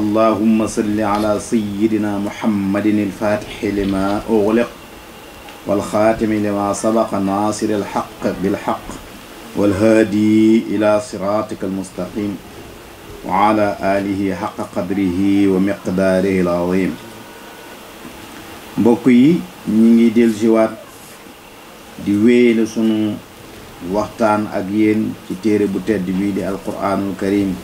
اللهم صل على سيدنا محمد الفاتح لما أغلق والخاتم لما سبق ناصر الحق بالحق والهادي إلى صراطك المستقيم وعلى آله حق قدره ومقداره العظيم بقي نيجي ñi جوات dellusiwaat di wéyale sunu waxtaan ak القرآن الكريم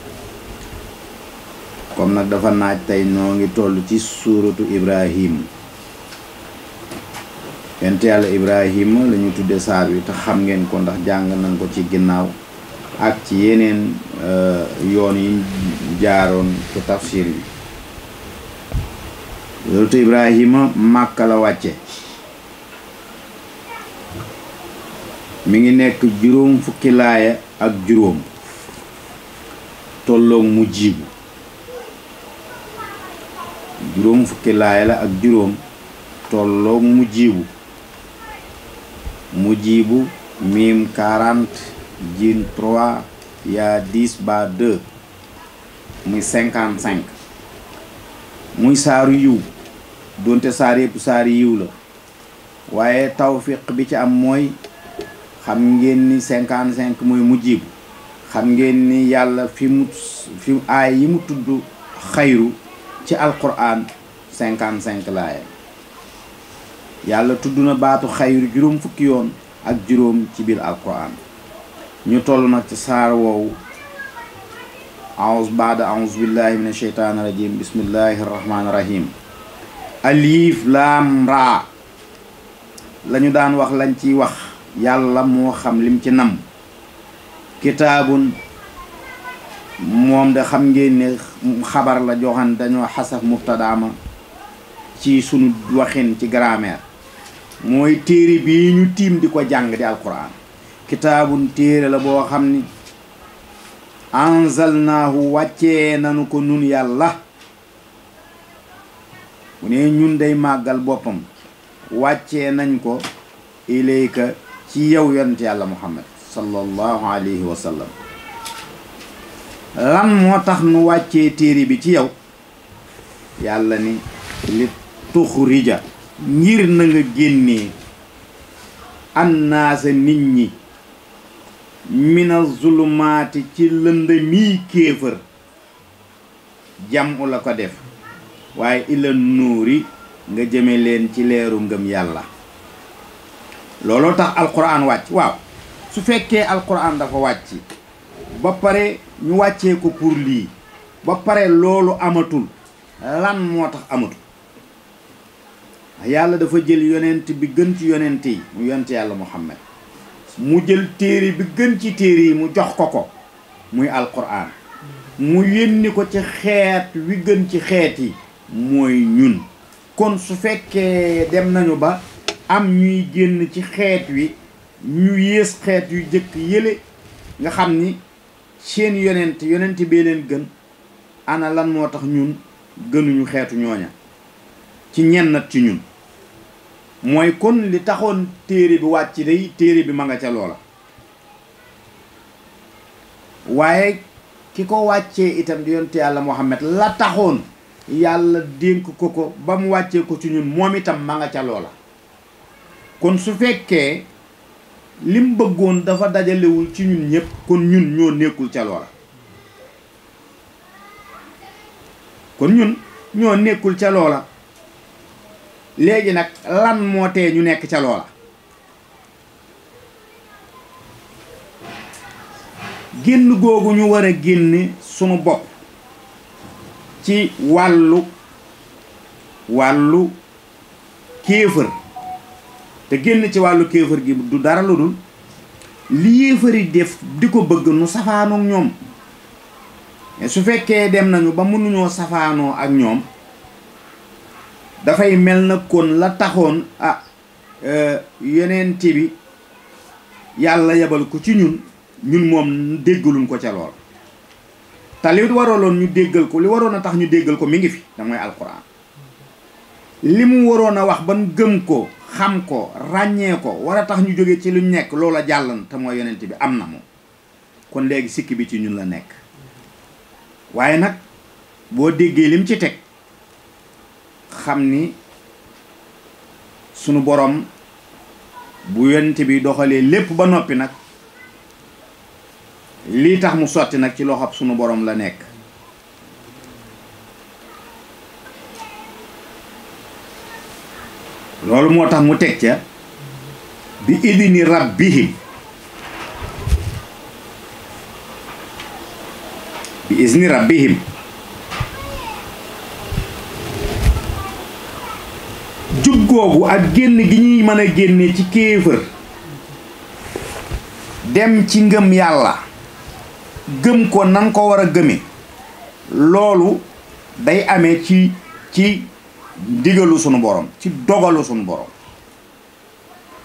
comme nak dafa naaj tay no ngi tollu ci suratu ibrahim yent tu ibrahim lañu tuddé sar jangan wi ta xam ngeen ko ndax jang nañ ko ci ginnaw ak ci euh yoon yi jaaroon ci tafsir bi suratu ibrahim makka la wacce mi ngi nek fukki laaya ak mujibu juróom fukki laay la ak juróom tolloog mu jiibu mu jiibu miim 40 jin 3 ya 10 ba 2 muy 55 muy saaru yu donte saar yëpp saari yu la waye tawfiq bi ci am moy xam ngeen ni 55 moy mu jiibu xam ngeen ni yalla fi mu fi ay yi mu tuddu khairu ci alquran 55 lay Yalla tuduna batu khayr jurum fukki yon ak jurum ci bir alquran ñu tollu nak ci sar woowu aus ba'da aus billahi min asheytaani rajim bismillahir rahmanir rahim alif lam raa lañu daan wax lañ ci wax yalla mo xam lim ci nam kitabun موم ده خم جيني خبر لا جوهان دانيو حسف مبتدا ما تي سونو واخين تي غرامير موي تيري بي ني تيم ديكو جانغ دي القران كتاب تيري لا بو خامني انزلناه واتينا نكو نون يالا وني نون داي ماغال بوبام واتي نانكو اليك تي يو يونت يالا محمد صلى الله عليه وسلم lan moo tax nu wàccee téere bi ci yow yàlla ni li tuxrija ngir na nga génnee annaasa nit ñi mina zulumaati ci lëndëmi kéefër jamu la ko def waaye ila nuuri nga jëme leen ci leeru ngëm yàlla looloo tax alquran wàcc waaw su fekkee alquran dafa wàcc ba pare ñu wàccee ko pour lii ba pare loolu amatul lan moo tax amatul yàlla dafa jël yonent bi gën ci yonent yi mu yonent yàlla Muhammad mu jël téere bi gën ci téere yi mu jox ko ko muy alquran mu yónni ko ci xeet wi gën ci xeet yi mooy ñun kon su fekkee dem nañu ba am ñuy génn ci xeet wi ñu yées xeet yu jëkk yële nga xam ni seen yonent yonent bee leen gën ana lan moo tax ñun gënuñu xeetu ñooña ci ñennat ci ñun mooy kon li taxoon téere bi wàcc day téere bi ma nga ca loola waaye ki ko wàccee itam di yonte yàlla Muhammad la taxoon yàlla dénk ko ko ba mu wàccee ko ci ñun moom itam ma nga ca loola kon su fekkee lim bëggoon dafa dajalewul ci ñun ñëpp kon ñun ñoo nekkul ca loola kon ñun ñoo nekkul ca loola léegi nag lan moo tee ñu nekk ca loola génn googu ñu war a génn sunu bopp ci wàllu wàllu kéefër te genn ci walu kéefër gi du dara lu dul li yéefari def diko ko bëgg nu ak ñom su fekke dem nañu ba ñoo safaanoo ak ñom da mel melna kon la taxone ah euh, yeneente bi yalla yabal ko ci ñun ñun mom déggaluñ ko ci lool ta li waraloon ñu déggal ko li warona tax ñu déggal ko mi ngi fi damooy alquran Limu mu waroon wax ban gëm ko xam ko ràññee ko war a tax ñu jóge ci luñ nekk loola jàll na te mooy yonent bi am na moom kon léegi sikki bi ci ñun la nekk waaye nag boo déggee lim ci teg xam ni sunu boroom bu yonent bi doxalee lépp ba noppi nag lii tax mu sotti nag ci loxo sunu borom la nekk loolu moo tax mu teg ca bi idni rabbihim bi izni googu ak génn gi ñuy mën a génne ci kéefër dem ci ngëm yàlla gëm ko nan ko war a gëme loolu day ame ci ci digalu sunu borom ci dogalu sunu borom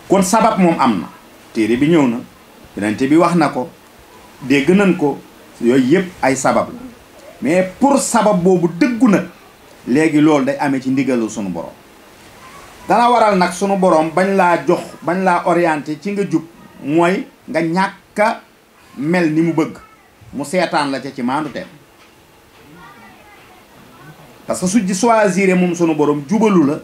kon sabab moom am na téere bi ñëw na yonente bi wax na ko dégg nañ ko yooyu yëpp ay sabab la mais pour sabab boobu dëggu nag léegi loolu day ame ci ndigalu sunu borom dana waral nag sunu borom bañ laa jox bañ laa orienté ci nga jub mooy nga ñàkk a mel ni mu bëgg mu seetaan la ca ci maandu parce que su choisir moom sunu boroom jubalu la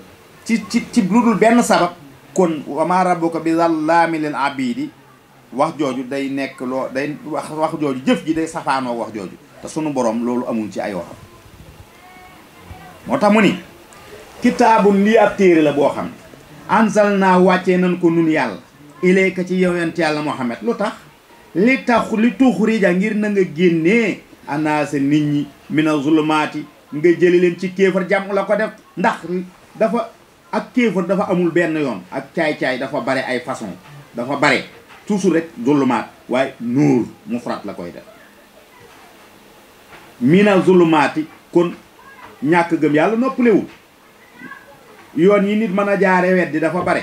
ci ci ci lu dul benn sabab kon wa maa rabbuka bi zallaami lil abidi wax jooju day nekk loo day wax jooju jëf ji day safaanoo wax jooju te sunu borom loolu amul ci ay waxam moo tax mu ni kitaabun lii ab téere la boo xam ne ansal naa wàccee nañ ko nun yàlla ilayka ci yonent yàlla Muhammad lu tax li tax li tuxrija ngir na nga génnee anaasa nit ñi mina zulumaati nga jële leen ci kéefar jàmm la ko def ndax dafa ak kéefar dafa amul benn yoon ak caay-caay dafa bare ay façon dafa bare toujours rek zulumaat waaye nuur mufrat la koy def mina zulumaati kon ñàkk gëm yàlla noppalewul yoon yi nit mën a jaare weddi dafa bare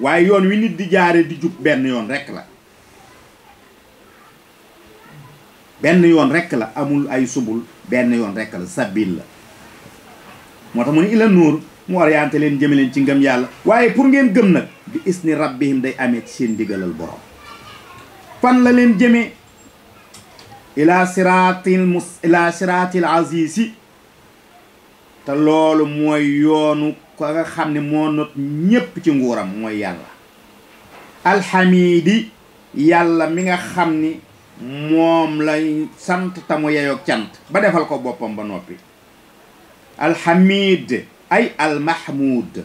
waaye yoon wi nit di jaare di jub benn yoon rek la benn yoon rekk la amul ay subul benn yoon rekk la sabil la moo tax mu ne ila nuur mu orienté leen jëme leen ci ngëm yàlla waaye pour ngeen gëm nag bi isni rabbihim day amee ci seen digalal borom fan la leen jëmee ila siratil mus ila siratil azizi te loolu mooy yoonu ko nga xam ne moo not ñépp ci nguuram mooy yàlla alxamidi yàlla mi nga xam ni moom lay sant tamu yeyoog cant ba defal ko boppam ba noppi alhamid ay almahmud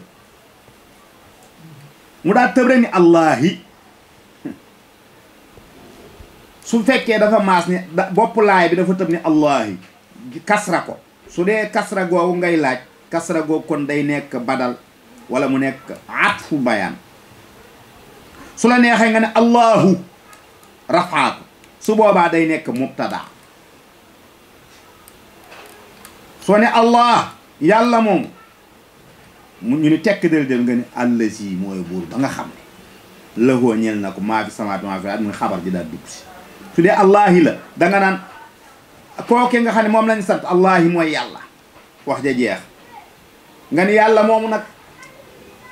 mu daa tëb ni allahi su fekkee dafa maas ni bopp laay bi dafa tëb ni allahi kasra ko su dee kasra googu ngay laaj kasra googu kon day nekk badal wala mu nekk atfu bayaan su la neexee nga ne allahu rafaatu su boobaa day nekk mubtada soo ne allah yàlla moom mu ñu ni tekk del del nga ne allazi mooy buur ba nga xam ne lëxoo na ko maa fi samaat maa fi at muy xabar ji daal dugg si su dee allahi la danga naan kooke nga xam ne moom lañ sant allahi mooy yàlla wax ja jeex nga ni yàlla moomu nag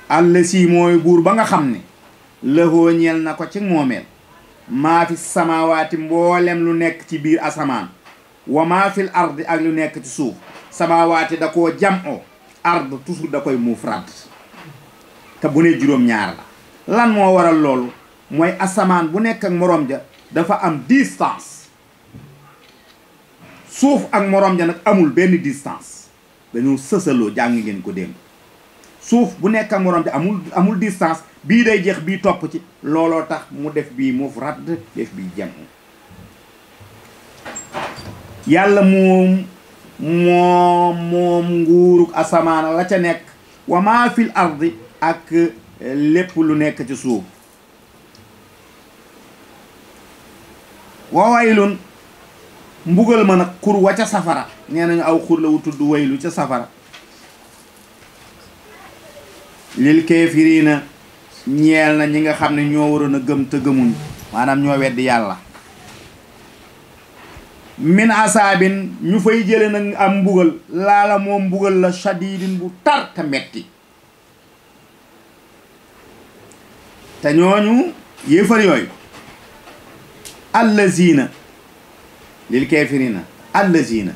allazi mooy buur ba nga xam ne lëxoo na ko ci moomeel maa fi samaawaati mboolem lu nekk ci biir asamaan wa maa fil ardi ak lu nekk ci suuf samaawaati da koo jam o ard toujours da koy mufrad te bu ne juróom-ñaar la lan moo waral loolu mooy asamaan bu nekk ak morom ja dafa am distance suuf ak moroom ja nag amul benn distance dañoo sësaloo jàng ngeen ko démb suuf bu nekk ak morom ja amul distance bii day jeex bi topp ci looloo tax mu def bii muuf radd def bii jam yàlla moom moom moom nguuruk asamaana la ca nekk wa maa fil ardi ak eh, lépp lu nekk ci suuf wa waylun mbugal ma nag xur wa ca safara nee nañu aw xur la wu tudd waylu ca safara lil kaafiriina ñeel na ñi nga xam ne ñoo waroon a gëm te gëmuñ maanaam ñoo weddi yàlla min asaabin ñu fay jële nag am mbugal laala moom mbugal la shadidin bu tar te metti te ñooñu yéefar yooyu allazina lil kafirina allazina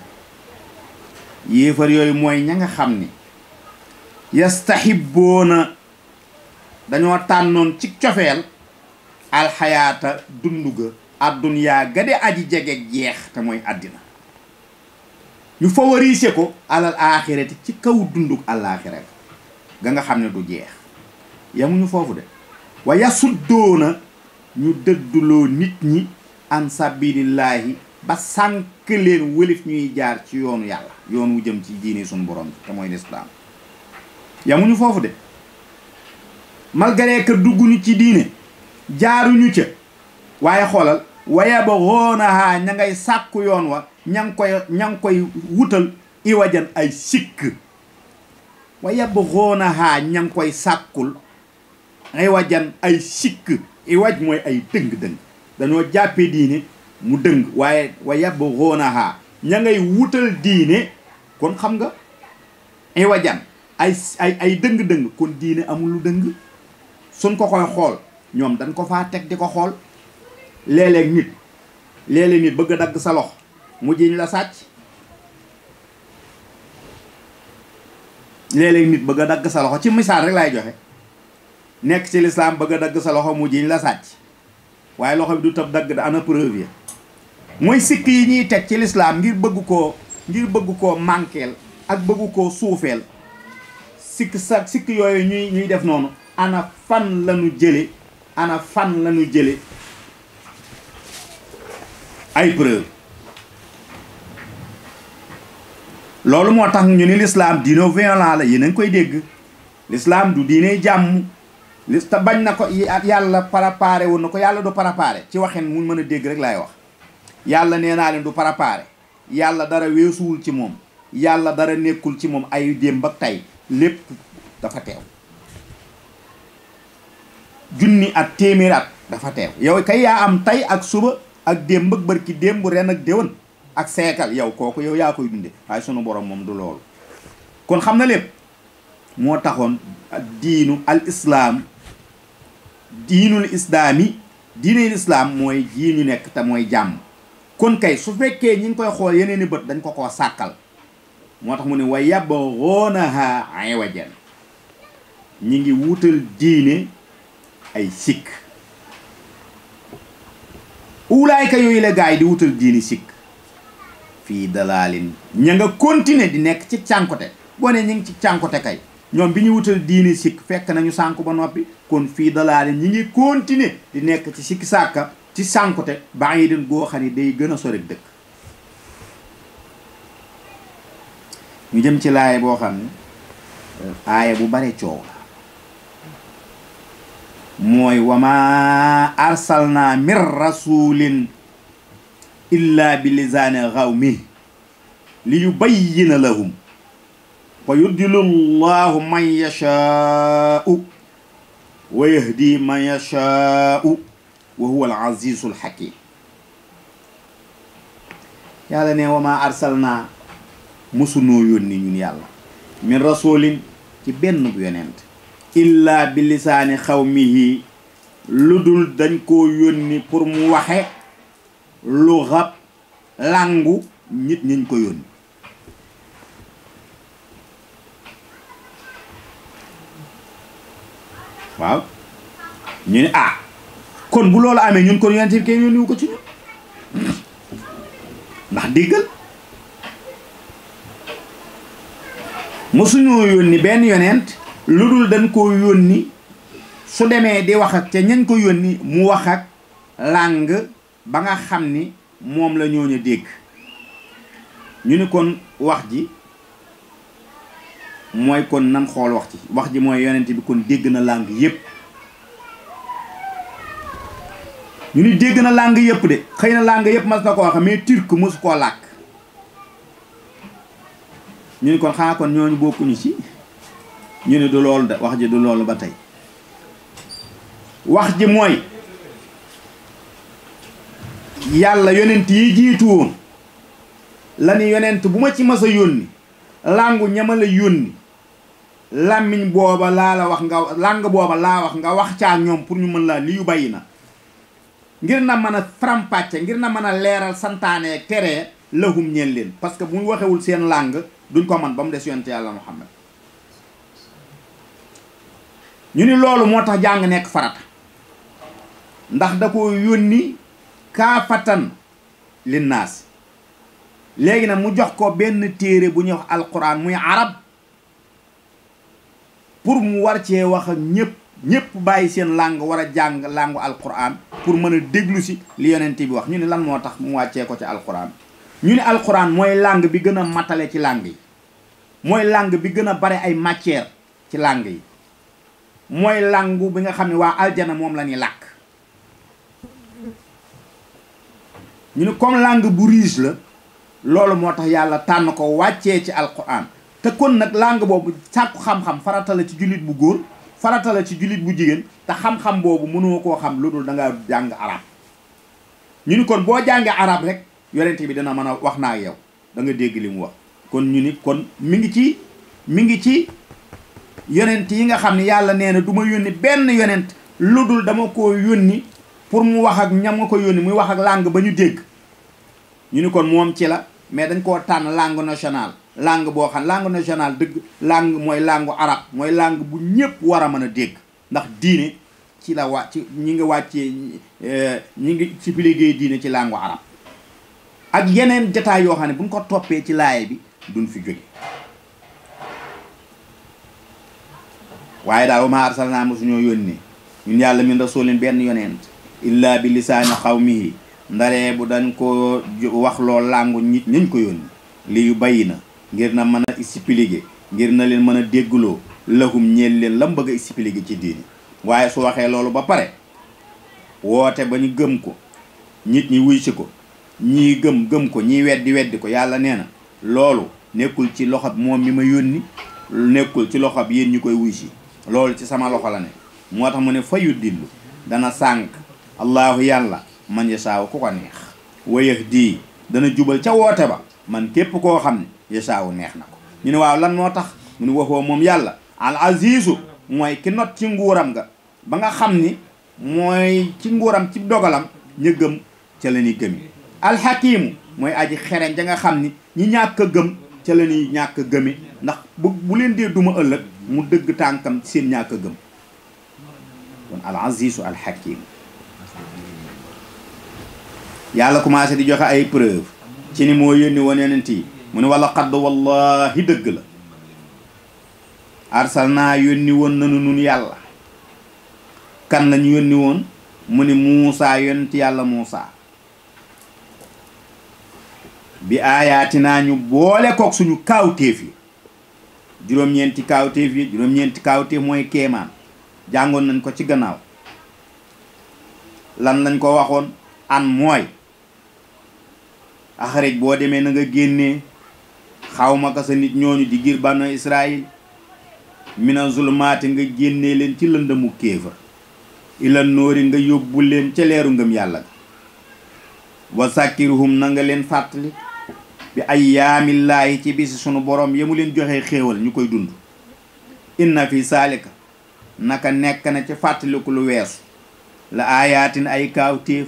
yéefar yooyu mooy ña nga xam ni yastahiboona dañoo tànnoon ci cofeel alxayaata dund ga addunyaa aji jege jeex te mooy àddina ñu favoriser ko alal aaxirati ci kaw dunduk alaaxira ga nga xam ne du jeex yamuñu foofu de wa yasuddoona ñu dëdduloo nit ñi an sabilillaahi ba sànk leen wëlif ñuy jaar ci yoonu yàlla yoon wu jëm ci diine suñu borom te mooy lislaam yamuñu foofu de malgré que dugguñu ci diine jaaruñu ca waaye xoolal waye ba xoonahaa ña ngay sàkku yoon wa ña ngi koy ngi koy wutal iwajan ay sikk waye koy sàkkul iwajan ay sikk iwaj mooy ay dëng-dëng dañoo jàppe diine mu dëng waaye waye ba xoonahaa ña ngay wutal diine kon xam nga iwajan ay ay ay dëng-dëng kon diine amul lu dëng sun ko koy xol ñom dañ ko fa tek di ko xool nit léeg nit bëgg dag sa lox mu jiñ la sacc léeg nit bëgg dag sa lox ci misal rek lay joxe nek ci l'islam bëgg dag sa lox mu jiñ la sacc waye loxam du tab dag da ana preuve ya moy sik yi ñi tek ci l'islam ngir bëgg ko ngir bëgg ko mankel ak bëgg ko soufel sik sak sik yoy ñuy ñuy def noonu ana fan la ñu jële ana fan la ñu jële ay preuve loolu moo tax ñu ni l'islam diino violent la yéen a koy dégg lislaam du diine jàmm li bañ na ko yàlla préparé woon na ko yàlla du préparé ci waxin mu mën a dégg rek laay wax yàlla nee naa du préparé yàlla dara wéesuwul ci moom yàlla dara nekkul ci moom ay démb ak tey lépp dafa teew junni at téeméer dafa teew yow kay yaa am tey ak suba ak démb ak bërki démb ren ak déwén ak seekal yow kooku yow yaa koy dunde waaye sunu borom moom du loolu kon xam na lépp moo taxoon diinu al islaam diinul islaami diinul islaam mooy jii ñu nekk te mooy jàmm kon kay su fekkee ñi ngi koy xool yeneen i bët dañ ko koo sàkkal moo tax mu ne wa yabghuunahaa iwajan ñi ngi wutal diine ay sikk ulaayka yooyu la gaay di wutal diini sikk fii dalaalin ña nga continuer di nekk ci cànkote boo ne ñu ngi ci cànkote kay ñoom bi ñuy wutal diini sikk fekk nañu sànku ba noppi kon fii dalaalin ñi ngi continuer di nekk ci sikk sàkka ci sànkote baa ngi den goo xam ni day gën a sore dëkk ñu jëm ci laay boo xam ne euh, aaya bu bare coow mooy wama arsalna min rasulin illa bi lisaani xawmi li yubayyina lahum fa yuddilu llahu man yashaau wa yahdi man yashaau wa huwa al azizu al hakim yàlla ne wama arsalna mosunoo yónni ñun yàlla min rasulin ci benn bu yonent illaa bi lisaani xaw mi yi lu dul dañ koo yónni pour mu waxe lu xab làngu nit ñiñ ko yónni waaw ñu ni ah kon bu loolu amee ñun kon yonent bi ko ci ñun ndax diggal mosuñoo yónni benn yonent lu dul dañ koo yónni su demee di waxat ak ca ñañ ko yónni mu wax ak langue ba nga xam ni moom la ñooñu dégg ñu ni kon wax ji mooy kon nan xool wax ci wax ji mooy yonent bi kon dégg na làng yépp ñu ni dégg na langue yépp de xëy na langue yépp ma na ko wax mais turc mosu koo làkk ñu ni kon xanaa kon ñooñu bokkuñu ci ñu ne du loolu de wax ji du loolu ba tey wax ji mooy yàlla yonent yi jiitu woon la ni yonent bu ma ci masa a yónni làngu ñama la yónni làmmiñ booba laa la wax nga làng booba laa wax nga wax caa ñoom pour ñu mën laa li yu bàyyi na ngir na mën a faram-pàcce ngir na mën a leeral santaanee teree lahum ñeen leen parce que bu ñu waxewul seen làng duñ ko man ba mu des yonent yàlla Muhammad ñu ni loolu moo tax jàng nekk farata ndax da ko yónni kaafatan linnaas léegi nag mu jox ko benn téere bu ñuy wax alquran muy arab pour mu war cee wax ak ñëpp ñëpp bàyyi seen làng war a jàng làngu alquran pour mën a déglu si li yonent bi wax ñu ni lan moo tax mu wàccee ko ci alquran ñu ni alquran mooy langue bi gën a matale ci langue yi mooy langue bi gën a ay matière ci yi mooy làngu bi nga xam ne waa aljana moom la ñuy làkk ñu ne comme langue bu riis la loolu moo tax yàlla tànn ko wàccee ci alquran te kon nag langue boobu sàkku xam-xam farata la ci jullit bu góor faratal la ci jullit bu jigéen te xam-xam boobu mënoo koo xam lu dul da ngaa jàng arab ñu ni kon boo jàngee arab rek yonent bi dana mën a wax naa yow da nga dégg li mu wax kon ñu ni kon mi ngi ci mi ngi ci yonent yi nga xam ne yàlla nee na du ma yónni benn yonent lu dul dama ko yónni pour mu wax ak ñam nga ko yónni muy wax ak làng ba ñu dégg ñu ni kon moom ci la mais dañ koo tànn langue national langue boo xam langue national dëgg làng mooy langue arab mooy làng bu ñëpp war a mën a dégg ndax diine ci la wàcc ñi ngi wàccee ñi ngi ci liggéey diine ci làngu arab ak yeneen jataay yoo xam ne buñ ko toppee ci laay bi duñ fi jóge waaye daal wa maa arsalnaa mosuñoo yónnee ñun yàlla min rasulin benn yonent illa bi xaw xawmihi ndaree bu dañ ko wax loo làngu nit ñañ ko yónni li yu bayi na ngir na mën a expliquer ngir na leen mën a déggloo lahum ñeel leen lam bëgg a expliquer ci diini waaye su waxee loolu ba pare woote ba ñu gëm ko nit ñi wuy si ko ñii gëm gëm ko ñii weddi weddi ko yàlla nee na loolu nekkul ci loxob moom mi ma yónni nekkul ci loxob yéen ñu koy wuy si Lol, ci sama loxo la ne motax tax mu ne fa yu dillu dana sank Allah yalla man yasa ko ko neex wayax di, dana jubal ca wote ba man kep ko xamne yasa wu neex nako ñu ne waaw lan motax mu ne waxo mom yalla al azizu moy ki not ci nguram ga ba nga xamni moy ci nguram ci dogalam ñu gëm ca la ñuy gëmi alxakimu aji xereñ ja nga xamni ñi ñàkk gem ci lañi la gemi ndax bu leen de duma ëlëk mu dëgg tànkam seen ñàkk a gëm yàlla commencé di joxe ay preuve ci ni moo yónni woon yonent yi mu ne wala xadd wallahi dëgg la arsal naa yónni woon nanu nun yàlla kan lañu yónni woon mu ni Muusaa yonent yàlla Muusaa bi aayaati naa ñu boole kook suñu kaw kaawteef yi juróom-ñeenti kaawteef yi juróom-ñeenti kaawteef mooy kéemaan jàngoon nañ ko ci gannaaw lan lañ ko waxoon an mooy axarij boo demee na nga génnee xawma ka sa nit ñooñu di giir banu israil mina zulmaati nga génnee leen ci lëndëmu kéefër ila noori nga yóbbu leen ca leeru ngëm yàlla ga wa sàkkiruhum na nga leen fàttali bi ayyaamillaahi ci bisi sunu boroom yemu leen joxee xéewal ñu koy dund inna fi saalika naka nekk na ci fàttaliku lu wees la aayaatin ay kaawtéef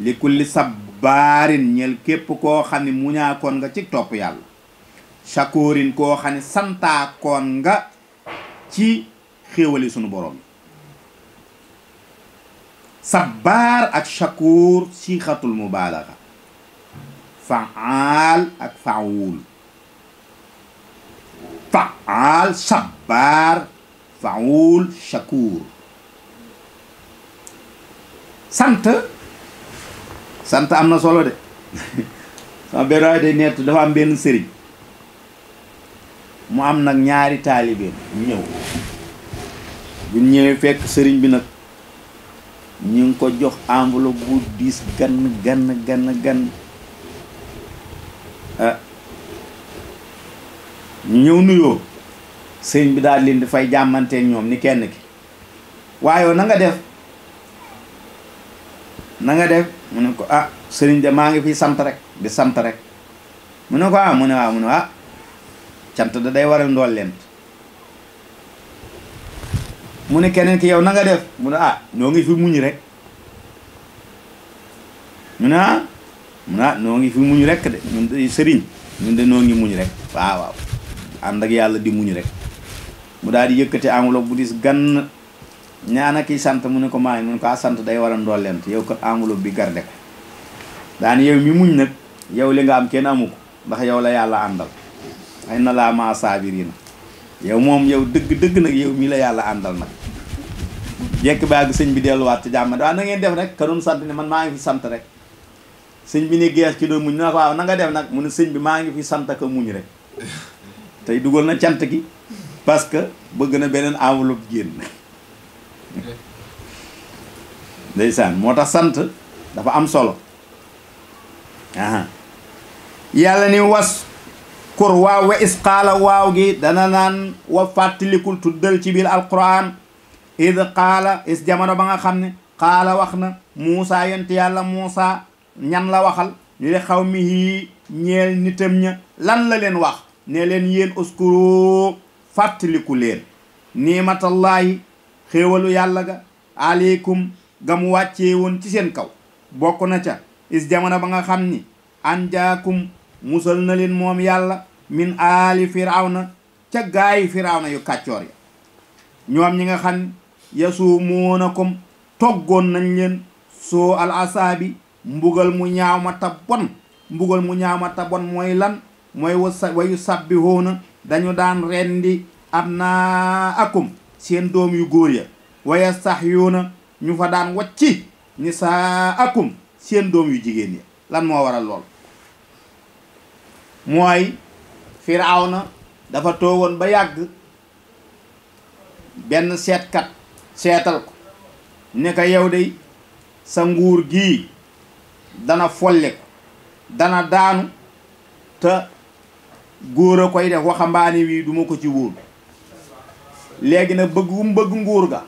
li kulli sabbaarin ñel képp koo xam ne muñaakoon nga ci topp yàlla shakoorin koo xam ne santaakon nga ci xéewali sunu boroom sabbaar ak shakoor siixatul mubaalaxa faal ak faul faal sabar faul shakur sante sante amna solode? solo de sa beray de net dafa am ben sëriñ mu am nak ñaari talibé ñew bu ñewé fekk sëriñ bi nak ñing ko jox enveloppe bu 10 gan gan gan gan ñëw nuyoo sëriñ bi daal leen di fay jàmmanteeg ñoom ni kenn ki waaye nanga def na nga def mu ne ko ah sëriñ de maa ngi fi sant rek di sant rek mu na ko ah mu ne waaw ah, mu ne ah cant da day waral ndool leent mu ne keneen ki yow na nga def mu ne ah ñoo ngi fi muñ rek mu ne ah mun noo ngi fi muñ rek de ñun de sëriñ ñun de noo ngi muñ rek waaw waaw ànd ak yàlla di muñ rek mu daal di yëkkati enveloppe bu dis gan ñaana ki sant mu ne ko maa ngi mu ne ah, sant day war a ndolleent yow ko bi garde ko yow mi muñ nag yow li nga am kenn amu ko yow la yàlla àndal ay na laa maa moom yow dëgg dëgg nag yow mii la yàlla àndal nag jekk baagi sëñ delluwaat ci jàmm waaw na ngeen def fi sant rek sëñ bi ni gees ci do muñ naa waaw na nga def nak mu ne sëñ bi ma ngi fi sant ko muñ rek tay na cyant gi parce que bëgg na benen enveloppe ndaysan sant dafa am solo aha yalla ni was kur wa wa isqala waaw gi dana nan wa fatlikul tuddal ci bil alquran id qala is jamono ba nga xamne qala waxna Musa na yalla Musa. ñan la waxal li de xaw mi hii ñeel nitam ña lan la leen wax ne leen yéen uskuru fàttaliku leen niimatallaahi xéewalu yàlla ga aleykum ga wàcce woon ci seen kaw bokk na ca is jamono ba nga xam ni anjaakum musal na leen moom yàlla min aali firawna ca gaayi firawna yu kàccoor ya ñoom ñi nga xam yasuumuunakum toggoon na leen soo al mbugal mu ñaaw ma ta bon mbugal mu ñaaw ta bon lan moy wayu sabbihuuna dañu daan rendi akum seen doom yu goor ya wa yastahyuuna ñu fa daan wacci akum seen doom yu jigen ya lan mo waral lol moy fir'auna dafa togon ba ben set kat setal ko ne ka yow de sa nguur gi dana fole dana daanu te góor a koy def waxambaane wii duma ko ci wóolu léegi na bëgg gu bëgg nguur ga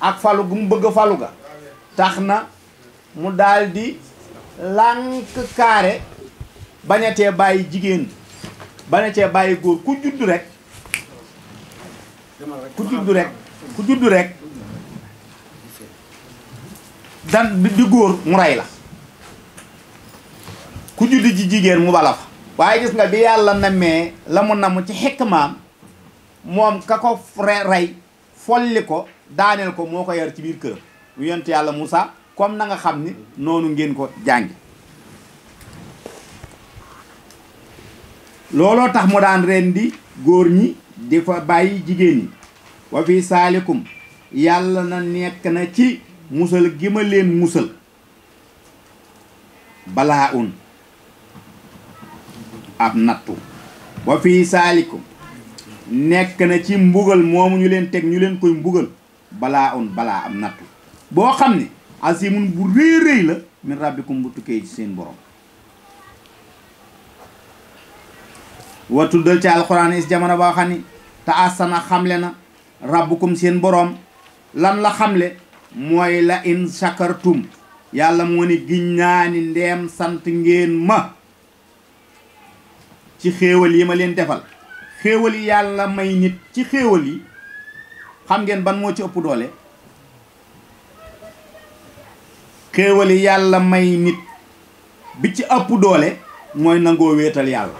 ak falu gu mu bëgg falu ga tax na mu daldi lànk kaare bañatee bàyyi jigéen bañatee bàyyi góor ku juddu rek ku juddu rek ku dan di góor mu rey la ku juddu ji jigéen mu bala fa waaye gis nga bi yàlla namee la mu namm ci xikmaam moom ka ko rey folli ko daaneel ko moo ko yar ci biir këram mu yont yàlla musaal comme nanga xam ni noonu ngeen ko jàngi looloo tax mu daan rendi góor ñi di fa bàyyi jigéen ñi wa fi saalikum yàlla na nekk na ci musal gi ma leen musal balaa un ab nattu wa fii saalikum nekk na ci mbugal moomu ñu leen teg ñu leen koy mbugal balaa un balaa am nattu boo xam ne asimun bu rëy rëy la min rabbikum bu tukkee ci seen borom wa tuddal ci alxuraan is jamono boo xam ne te asana xamle na rabbukum seen boroom lan la xamle mooy la in shakartum yàlla moo ne giñ naa ni ndeem sant ngeen ma ci xéewal yi ma leen defal xéewal yi yàlla may nit ci xéewal yi xam ngeen ban moo ci ëpp doole xéewal yi yàlla may nit bi ci ëpp doole mooy nangoo wéetal yàlla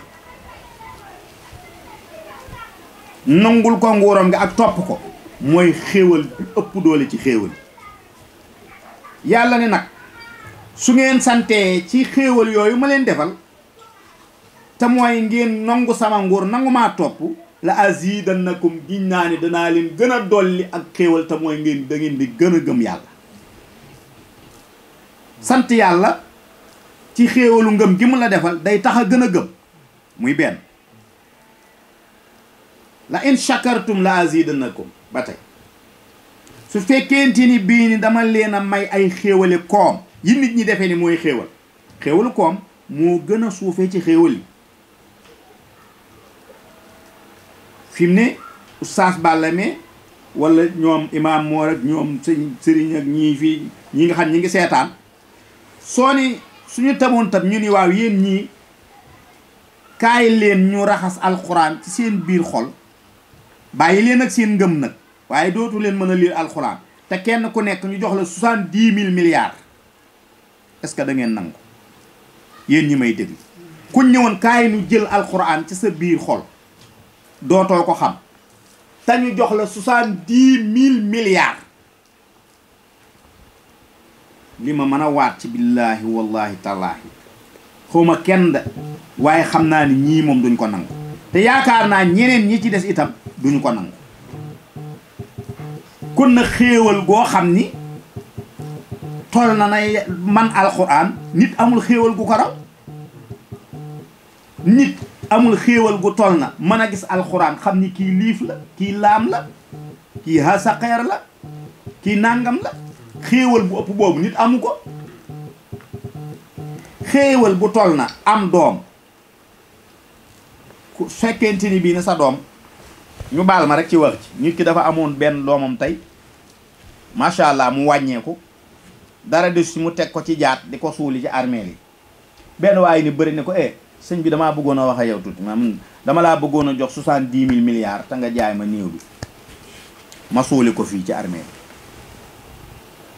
nangul ko nguuram nga ak topp ko mooy xéewal bi ëpp doole ci xéewal yi yàlla ne nag su ngeen santee ci xéewal yooyu ma leen defal تموي نجين سامانغور نانغو ما توبو لا أزيد أنكم جناني دنالين جنا دولي أكيل تموي نجين دعين دي جنا جم يالا سنت يالا تي خيول نجم جم لا دفع داي تها جنا جم مي بين لا إن شكرتم لا أزيد أنكم fi mu ne oustaz bàllame wala ñoom imaam moor ak ñoom sëñ sëriñ ak ñii fii ñi nga xam ñi ngi seetaan soo ni suñu tamoon tam ñu ni waaw yéen ñii kaay leen ñu raxas alxuraan ci seen biir xol bàyyi leen ak seen ngëm nag waaye dootu leen mën a liir alxuraan te kenn ku nekk ñu jox la soixante-dix mille milliards est-ce que da ngeen nangu yéen ñi may déglu kuñ ñëwoon kaay nu jël alxuraan ci sa biir xol dootoo ko xam tañu jox la soixante-dix mille li ma mën a waat ci billaahi wallaahi tallaahi xawma kenn de waaye xam naa ni ñii moom duñ ko nangu te yaakaar naa ñeneen ñi ci des itam duñu ko nangu kon na xéewal goo xam ni toll na na man alxuraan nit amul xéewal gu ko raw nit amul xéewal gu toll na mën a gis alxuraan xam ni kii liif la kii laam la kii hasaqeer la kii nàngam la xéewal bu ëpp boobu nit amu ko xéewal bu toll na am doom ku ni bii ne sa doom ñu baal ma rek ci wax ci nit ki dafa amoon benn doomam tey macha allah mu wàññeeku dara des si mu teg ko ci jaat di ko suuli ci armeel yi benn waaye ni bari ne ko eh seigne bi damaa bëggono a wax ak yow tuuti man dama laa bëggono jox 70000 milliards ta nga jaay ma néew bi ma suuli ko fi ci armée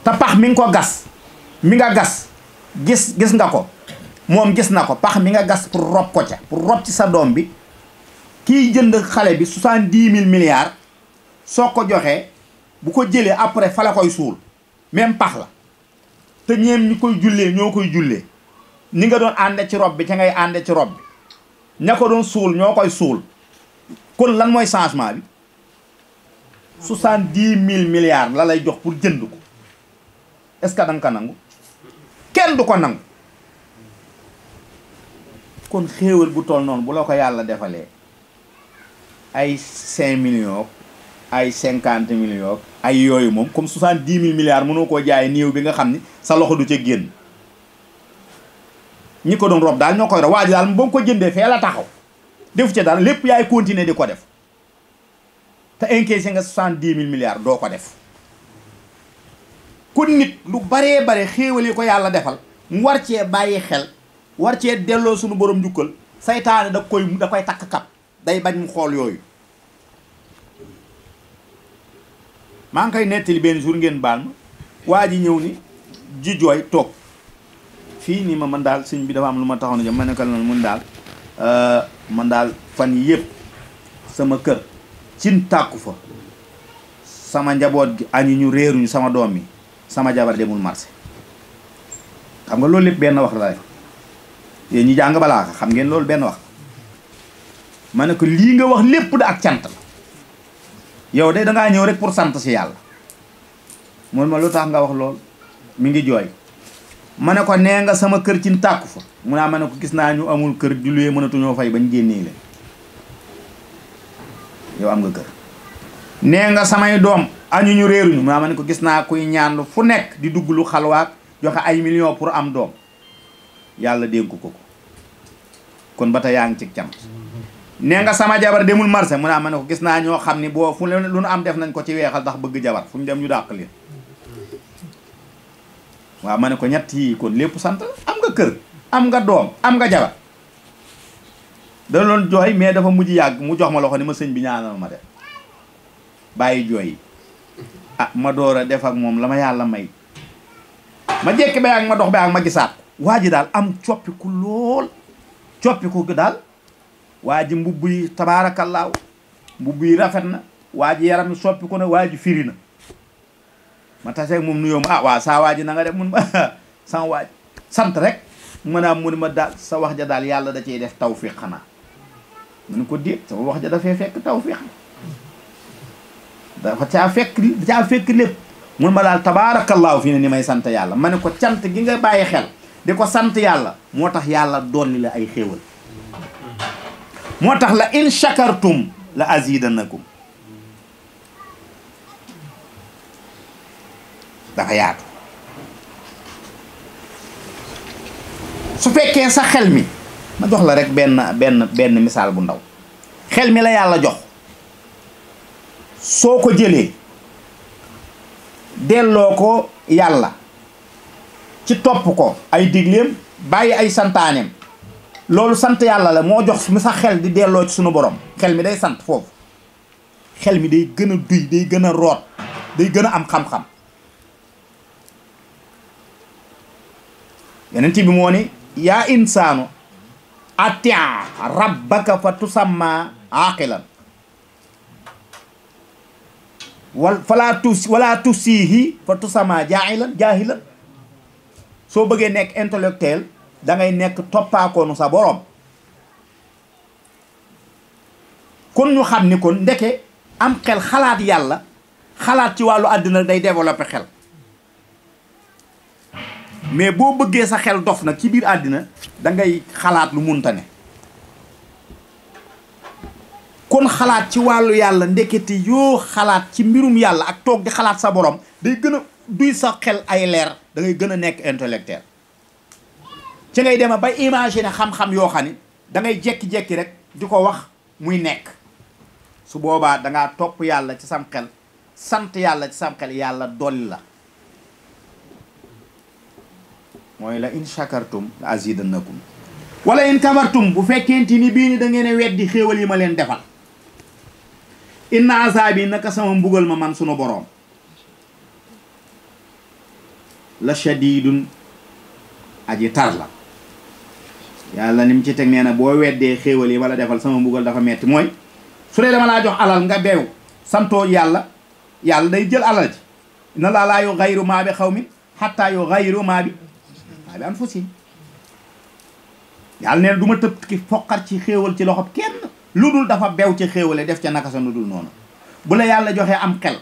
ta pax mi ngi gas mi nga gas gis gis nga ko mom gis na pax mi nga gas pour rob ko ca pour rob ci sa dom bi ki jënd xalé bi 70000 milliards soko joxé bu ko jëlé après fa la koy sul même pax la te ñeem ñi koy jullee ñoo koy ni nga doon ànde ci rob bi ca ngay ànde ci rob bi ña ko doon suul ñoo koy suul kon lan mooy changement bi soixante-dix mille milliards la lay jox pour jënd ko est-ce que da ko nangu kenn du ko nangu kon xéewal bu toll noonu bu la ko yàlla defalee ay cinq millions ay cinquante millions ay yooyu moom comme soixante-dix mille milliards mënoo koo jaay néew bi nga xam ni sa loxo du ca génn ñi ko doon rob daal ñoo koy rob waa ji daal ba mu ko jëndee fee la taxaw defu ci dara lépp yaay continuer di ko def te encaissé nga soixante-dix mille milliards doo ko def kon nit lu baree bare xéewal yi ko yàlla defal mu war cee bàyyi xel war cee delloo suñu borom njukkal seytaane da koy da koy takk kat day bañ mu xool yooyu maa ngi koy nettali benn jour ngeen baal ma waa ji ñëw ni ji jooy toog fi ni ma man dal sëñ bi dafa am luma ma je manekal na mun euh, man dal fan yeb sama kër cin tàkku fa sama njabot gi ani ñu réeruñu sama doom sama jabar demul marché xam nga loolu lépp benn wax la ye ñi jang bala xam ngeen loolu ben wax ma li nga wax lepp da ak cant yow day da nga ñew rek pour sante ci yalla ma lutax nga wax lool mi ngi joy ma ne ko nee nga sama kër ci tàkku fa mu naa ah, ma ne ko gis naa ñu amul kër di luye mënatuñoo fay bañ génnee leen yow am nga kër nee nga samay doom añuñu réeruñu mu naa ah, ma ne ko gis naa kuy ñaan fu nekk di dugg lu xalwaak joxe ay millions pour am doom yàlla dénk ko ko kon ba tey yaa ngi ci cam nee nga sama jabar demul marché mu naa ah, ma ne ko gis naa ñoo xam ni boo fu lu nu am def nañ ko ci weexal ndax bëgg jabar fu ñu dem ñu dàq leen waa ma ne ko ñetti yii kon lépp sant am nga kër am nga doom am nga jabar dana doon jooy mais dafa mujj yàgg mu jox ma loxo ni ma sëñ bi ñaanal ma def bàyyi jooy yi ah ma doora a def ak moom la ma yàlla may ma jekki ba ak ma dox ba ak ma gisaat waa ji daal am coppiku lool coppiku daal waa ji mbubb yi tabaarakallaaw mbubb yi rafet na waa ji yaram soppiku na waa ji firi na ma taseeg moom nuyoo ma ah saa waa ji na nga def mun ma sama waaj sant rek maanaam mu ma daal sa wax ja daal yàlla da cey def tawfiq xanaa mun ko déet wax ja dafee fekk tawfiq dafa caa fekk caa fekk lépp mun ma daal tabaarakallaahu fii ne ni may sant yàlla ma ne ko cant gi nga bàyyi xel di ko sant yàlla moo tax yàlla dolli la ay xéewal moo tax la in shakartum la azidannakum dafa yaatu su fekkee sa xel mi ma jox la rek benn benn benn misaal bu ndaw xel mi la yàlla jox soo ko jëlee delloo ko yàlla ci topp ko ay digleem bàyyi ay santaaneem loolu sant yàlla la moo jox mi sax xel di delloo ci sunu boroom xel mi day sant foofu xel mi day gën a duy day gën a root day gën a am xam-xam yonent bi moo ni yaa insaanu atia rabbaka fa tusamma aqilan wala tusiihi fa tusamma jaahilan jaahilan soo bëggee nekk intellectuel dangay nekk toppaakoonu sa boroom kon ñu xam ni kon ndeke am xel xalaat yàlla xalaat ci wàllu àddina day développé xel mais boo bëggee sa xel dof nag ci biir àddina da ngay xalaat lu munta ne kon xalaat ci wàllu yàlla ndekete yoo xalaat ci mbirum yàlla ak toog di xalaat sa borom day gën a duy sa xel ay leer da ngay gën a nekk intellectuel ci ngay dema ba imaginer xam-xam yoo xam ne da ngay jekki-jekki rek di ko wax muy nekk su boobaa dangaa topp yàlla ci sam xel sant yàlla ci sam xel yàlla dolli la mooy la in shakartum la azidannakum wala in kabartum bu fekkente ni bii ni da ngeen a weddi xéewal yi ma leen defal inna azaabi naka sama mbugal ma man sunu boroom la shadidun aji tar la yàlla ni mu ci teg nee boo weddee xéewal yi wala defal sama mbugal dafa metti mooy su dee dama laa jox alal nga beew santoo yàlla yàlla day jël alal ji inna laa laa yu xayru maa bi xaw mi xattaa yu xayru maa bi waaye bi am fusi yàlla neen du ma tëb ki foqat ci xéewal ci loxob kenn lu dul dafa bew ci xéewale def ca naka sa nu dul noonu bu la yàlla joxee am xel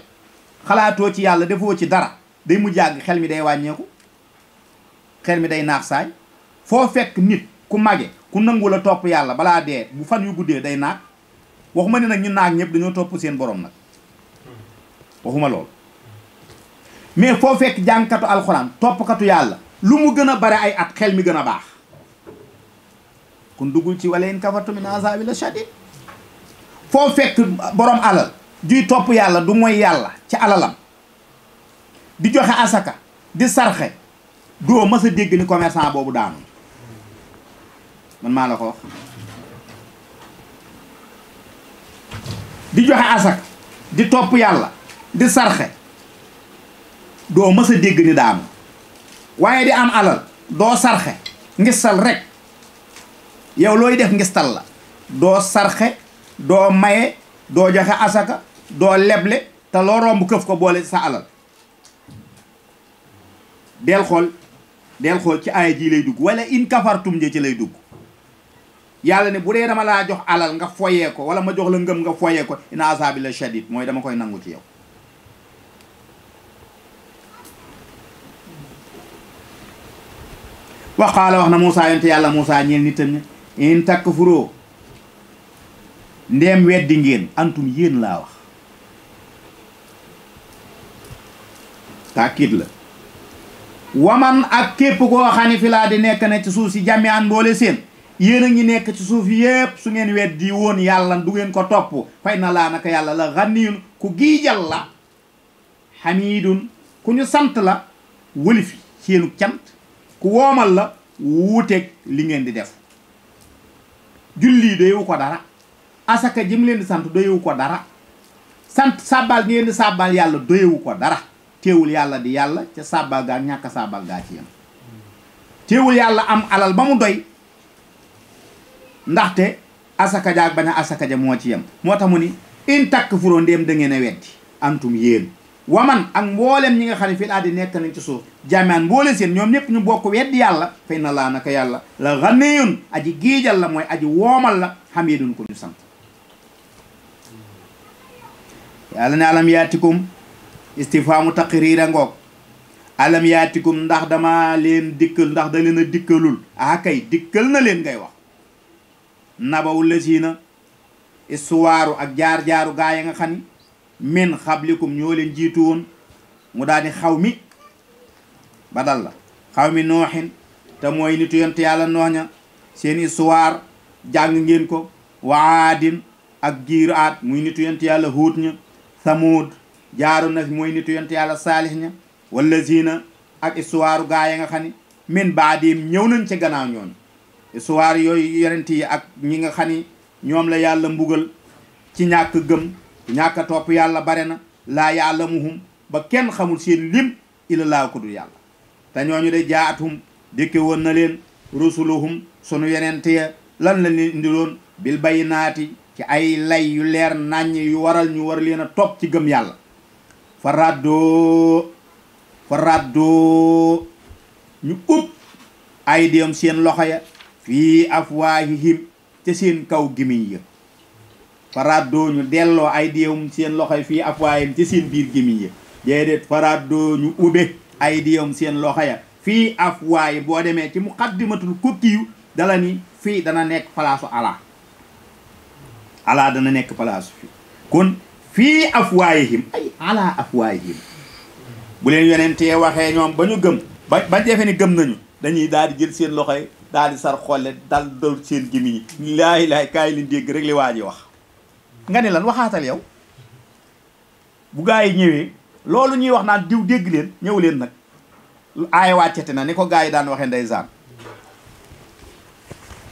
xalaatoo ci yàlla defoo ci dara day mu jàgg xel mi day wàññeeku xel mi day naax saañ foo fekk nit ku mage ku nangu la topp yàlla balaa dee bu fan yu guddee day naag waxuma ne nag ñu naag ñëpp dañoo topp seen borom nag waxuma lool mais foo fekk jàngkatu alxuraan toppkatu yàlla lu mu gën a bare ay at xel mi gën a baax kon duggul ci wala in kafartum min azabi la shadid foo fekk borom alal juy topp yàlla du mooy yàlla ci alalam di joxe asaka di sarxe doo mës a dégg boobu daanu man maa la ko di joxe asaka di topp yàlla di doo mës a dégg ni daanu waaye di am alal doo sarxe ngistal rek yow looy def ngistal la doo sarxe doo maye doo joxe asaka doo leble te loo romb këf ko boole sa alal del xool del xool ci aaya ji lay dugg wala in kafartum je ci lay dugg yàlla ne bu dee dama laa jox alal nga foyee ko ma jox la ngëm nga foyee ko ina asaabi la shadid mooy dama koy nangu ci yow wa qaala wax na Moussa yonent yàlla Moussa ñeel nitam ña in takfuroo ndeem weddi ngeen antum yéen laa wax tàkkit la waman ak képp koo xam fi laa di nekk ne ci suuf si jàmmi an mboole seen yéen a ngi nekk ci suuf yépp su ngeen weddi woon yàlla du ngeen ko topp fay na laa naka yàlla la xanniyun ku giijal la xamiidun ku ñu sant la wëlifi seenu cant ku woomal la wuuteeg li ngeen di def julli doyewu ko dara asaka jëm leen di sant doyewu ko dara sant sàbbal ngeen di sàbbal yàlla doyewu ko dara teewul yàlla di yàlla ca sàbbal gaa ñàkk a gaa ci yam teewul yàlla am alal ba mu doy ndaxte asaka jaag bañ a asaka ja moo ci yem moo tax mu ni in takk furoo ndéem da ngeen a weddi antum yéen waman ak mboolem ñi nga xam ne fil addi nekk nañ ci suuf jamian mboole seen ñoom ñëpp ñu bokk weddi yàlla fay na laa naka yàlla la ganiyun aji giijal la mooy aji woomal la hamidun ko ñu sant yàlla ne alam yaatikum istifaamu taqriir a ngoog alam yaatikum ndax dama leen dikkal ndax da dikkalul akay ah dikkal na leen ngay wax nabawul la siina istuwaaru ak jaar-jaaru gaa ya nga xam ni min xablikum ñoo leen jiitu woon mu daal di xaw mi ba dal la xaw mi mooy nitu yont yàlla noox ña seen histoire jàng ngeen ko waadin ak giir aat muy nitu yont yàlla huut ña samuud jaaru na mooy nitu yont yàlla saalix ña wala zina ak histoire gaay nga xam ni min baadim ñëw nañ ci gannaaw ñoon histoire yooyu yonent ak ñi nga xam ni ñoom la yàlla mbugal ci ñàkk gëm ñàkk topp yàlla bare na laa yàlla yaalamuhum ba kenn xamul seen lim ila laa ko du yàlla te ñu de jaatum dikke woon na leen rusuluhum sunu yenente ya lan la leen indiloon bil bayinaati ci ay lay yu leer nàññ yu waral ñu war leen a topp ci gëm yàlla fa raddoo fa raddoo ñu ub ay dem seen loxo ya fii afwaahihim ca seen kaw gimiñ ya faraddoo ñu delloo ay diyam seen loxoy fii afwaayam ci seen biir gémmiñ ya déedéet faraddoo ñu ube ay diyam seen loxo ya fii afwaay boo demee ci muqaddimatul kokkiyu dala ni fii dana nekk palaasu ala ala dana nekk palaasu fii kon fii afwaayihim ay ala afwaayihim bu leen yonentee waxee ñoom ba ñu gëm ba ba defe ni gëm nañu dañuy daal di jël seen loxoy daal di sar xolle dal dal seen gémmiñ yi laayi laay kaay leen dégg rek li waa ji wax nga ne lan waxaatal yow bu gaa yi ñëwee loolu ñuy wax naan diw dégg leen ñëw leen nag aaya wàccete na ni ko gaa yi daan waxee ndeysaan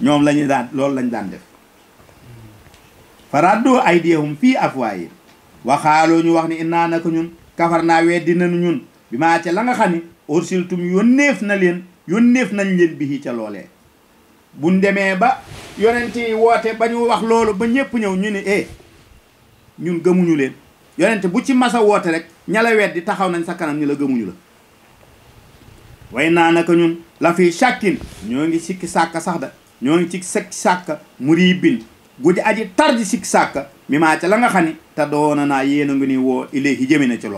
ñoom lañuy daan loolu lañ daan def faraddu aydiyahum fii afwaayim waxaaloo ñu wax ni innaa naka ñun kafar naa weddi nañu ñun bi maa ca la nga xam ni ursiltum yónneef na leen yónneef nañ leen bihi ca loolee buñ demee ba yonent woote ba ñu wax loolu ba ñëpp ñëw ñu ni eh ñun gëmuñu leen yonente bu ci masa woote rek ña la weddi taxaw nañ sa kanam ñi la gëmuñu la way naa naka ñun la fi shakkin ñoo ngi sikki sax da ñoo ngi ci muribin gudi aji tardi sikki sàkka mi maa ca la nga xam ni doona na yéen a ngi ni woo ilayhi na ci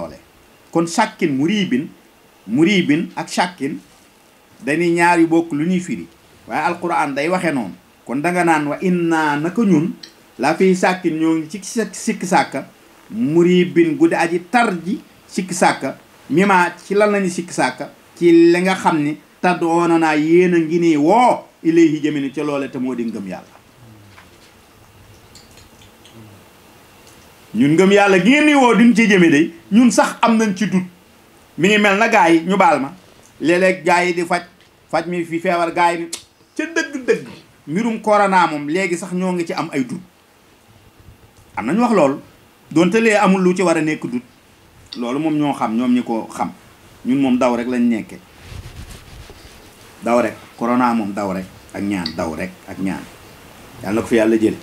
kon shakkin muribin muribin ak shakkin dañuy ñaar yu bokk lu ñuy firi waaye alquran day waxe noonu kon da nga naan wa inna naka ñun la fi sakin ñoo ngi ci sikki sàkka muribin gude aji tarji sik sak sàkka mima ci lan lañu sik sak ci li nga xamni ni taddoona naa yéen ngi ni wo ilahi jamin ci lolé te modi ngëm yalla ñun ngëm yalla gi ni wo duñ ci jëme day ñun sax am nañ ci dut mi ngi mel na gaay ñu bal ma lélé gaay di fajj fajj mi fi fewar gaay ni ci deug deug mirum corona mom legi sax ñoo ngi ci am ay dut am nañu wax loolu donte lee amul lu ci war a nekk dut loolu moom ñoo xam ñoom ñi ko xam ñun moom daw rek lañ nekke daw rek corona moom daw rek ak ñaan daw rek ak ñaan yàlla na ko fi yàlla jële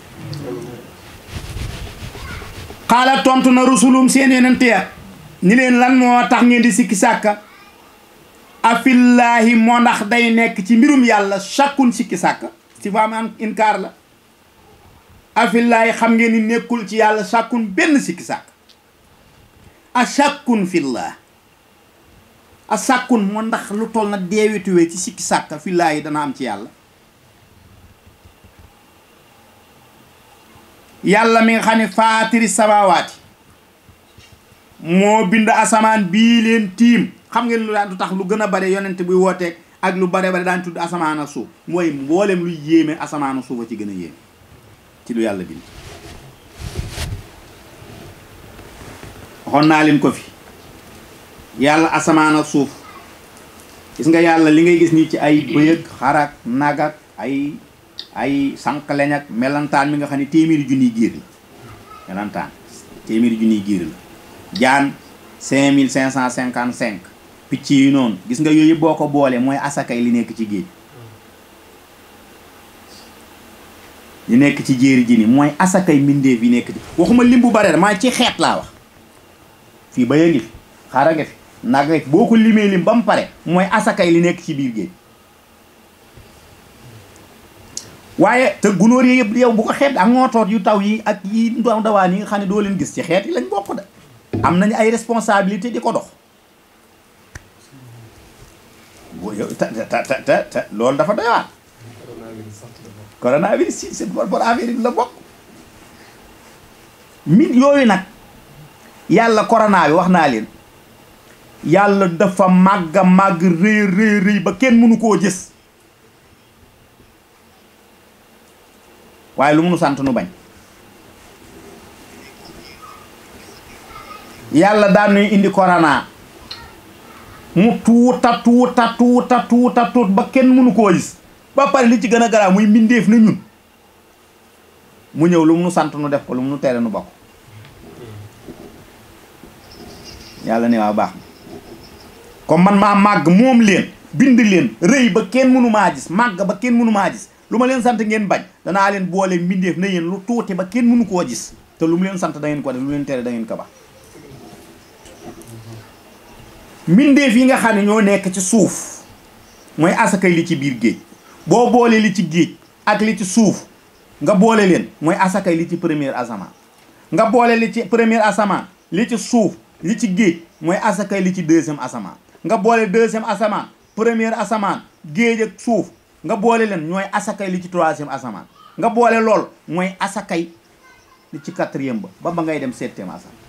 xaala tontu na rusulum seen yonent ya ni leen lan moo tax ngeen di sikki sàkka afillaahi moo ndax day nekk ci mbirum yàlla sàkkun sikki sàkka si faam an inkaar la afillaay xam ngeen ni nekkul ci yàlla sàkkun benn sikki sàkk a sàkkun fillah a sàkkun moo ndax lu toll na deewituwee ci sikki sàkk fillaay yi dana am ci yàlla yàlla mi nga xam ne faatiri samaawaati moo bind asamaan bii leen tiim xam ngeen lu daan du tax lu gën a bare yonent buy wooteeg ak lu bare bare daan tudd asamaan a suuf mooy mboolem luy yéeme asamaan a suuf a ci gën a yéeme ci lu yalla bind waxoon naa leen ko fi yalla asaman ak suuf gis nga yalla li ngay gis ni ci ay beuk xarak nagak ay ay sànqleñ ak melantaan mi nga xani temir téeméeri giir la temir téeméeri giir la jaan 5555 mille cinq yi gis nga yoyu boko moy li nekk ci geej li nekk ci jéeri ji ni mooy asakay mbindeef yi nekk ci waxuma lim bu bare maa ci xeet laa wax fii ba a ngi fi xaar nga fi nag nga fi boo ko limee lim ba mu pare mooy asakay li nekk ci biir géej waaye te gunóor yi yëpp yow bu ko xeet ak ngootoot yu taw yi ak yi ndaw ndawaan nga xam ne doo leen gis ci xeet yi lañ bokk de am nañu ay responsabilité di ko dox bu yow ta ta loolu dafa doy coronavirus si si bor la bokk mit yooyu nag yàlla corona bi wax naa leen yàlla dafa màgg a màgg rëy rëy ba kenn mënu koo gis waaye lu mënu sant nu bañ yàlla daan nuy indi corona mu tuuta tuuta tuuta tuuta tuut ba kenn mënu koo gis ba pare li ci gën a garaaw muy mbindeef na ñun mu ñëw lu mu sant nu def ko lu mu nu tere nu bokk yàlla ne waa baax na comme man maa màgg moom leen bind leen rëy ba kenn mënu maa gis màgg ba kenn mënu maa gis lu ma leen sant ngeen bañ danaa leen boole mbindeef na yéen lu tuuti ba kenn mënu koo gis te lu mu leen sant dangeen ko def lu leen tere da ko baax mbindeef yi nga xam ne ñoo nekk ci suuf mooy asakay li ci biir géej boo boolee li ci géej ak li ci suuf nga boole leen mooy asakay li ci premier asamaan nga boole li ci premier asamaan li ci suuf li ci géej mooy asakay li ci deuxième asamaan nga boole deuxième asamaan premier asamaan géej ak suuf nga boole leen ñooy asakay li ci troisième asamaan nga boole lool mooy asakay li ci quatrième ba ba ba ngay dem septième asamaan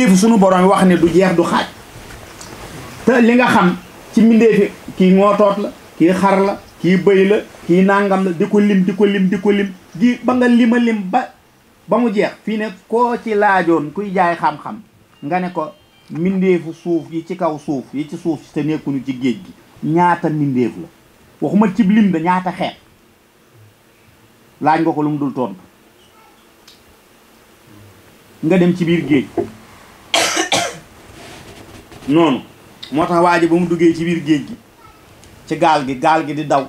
mbindeefu sunu borom wax ne du jeex du te li xam ci kii ngootoot la kii kii bëy la kii nangam la di ko ba lima lim ba ba mu jeex fii ne koo ci laajoon kuy jaay xam-xam nga ne ko mbindeefu suuf yi ci kaw suuf yi ci suuf te nekkuñu ci géej gi ñaata mbindeef la waxuma cib lim da ñaata xeet laaj nga ko lu mu dul tontu nga dem ci biir géej noonu moo tax waa ji ba mu duggee ci biir géej gi ci gaal gi gaal gi di daw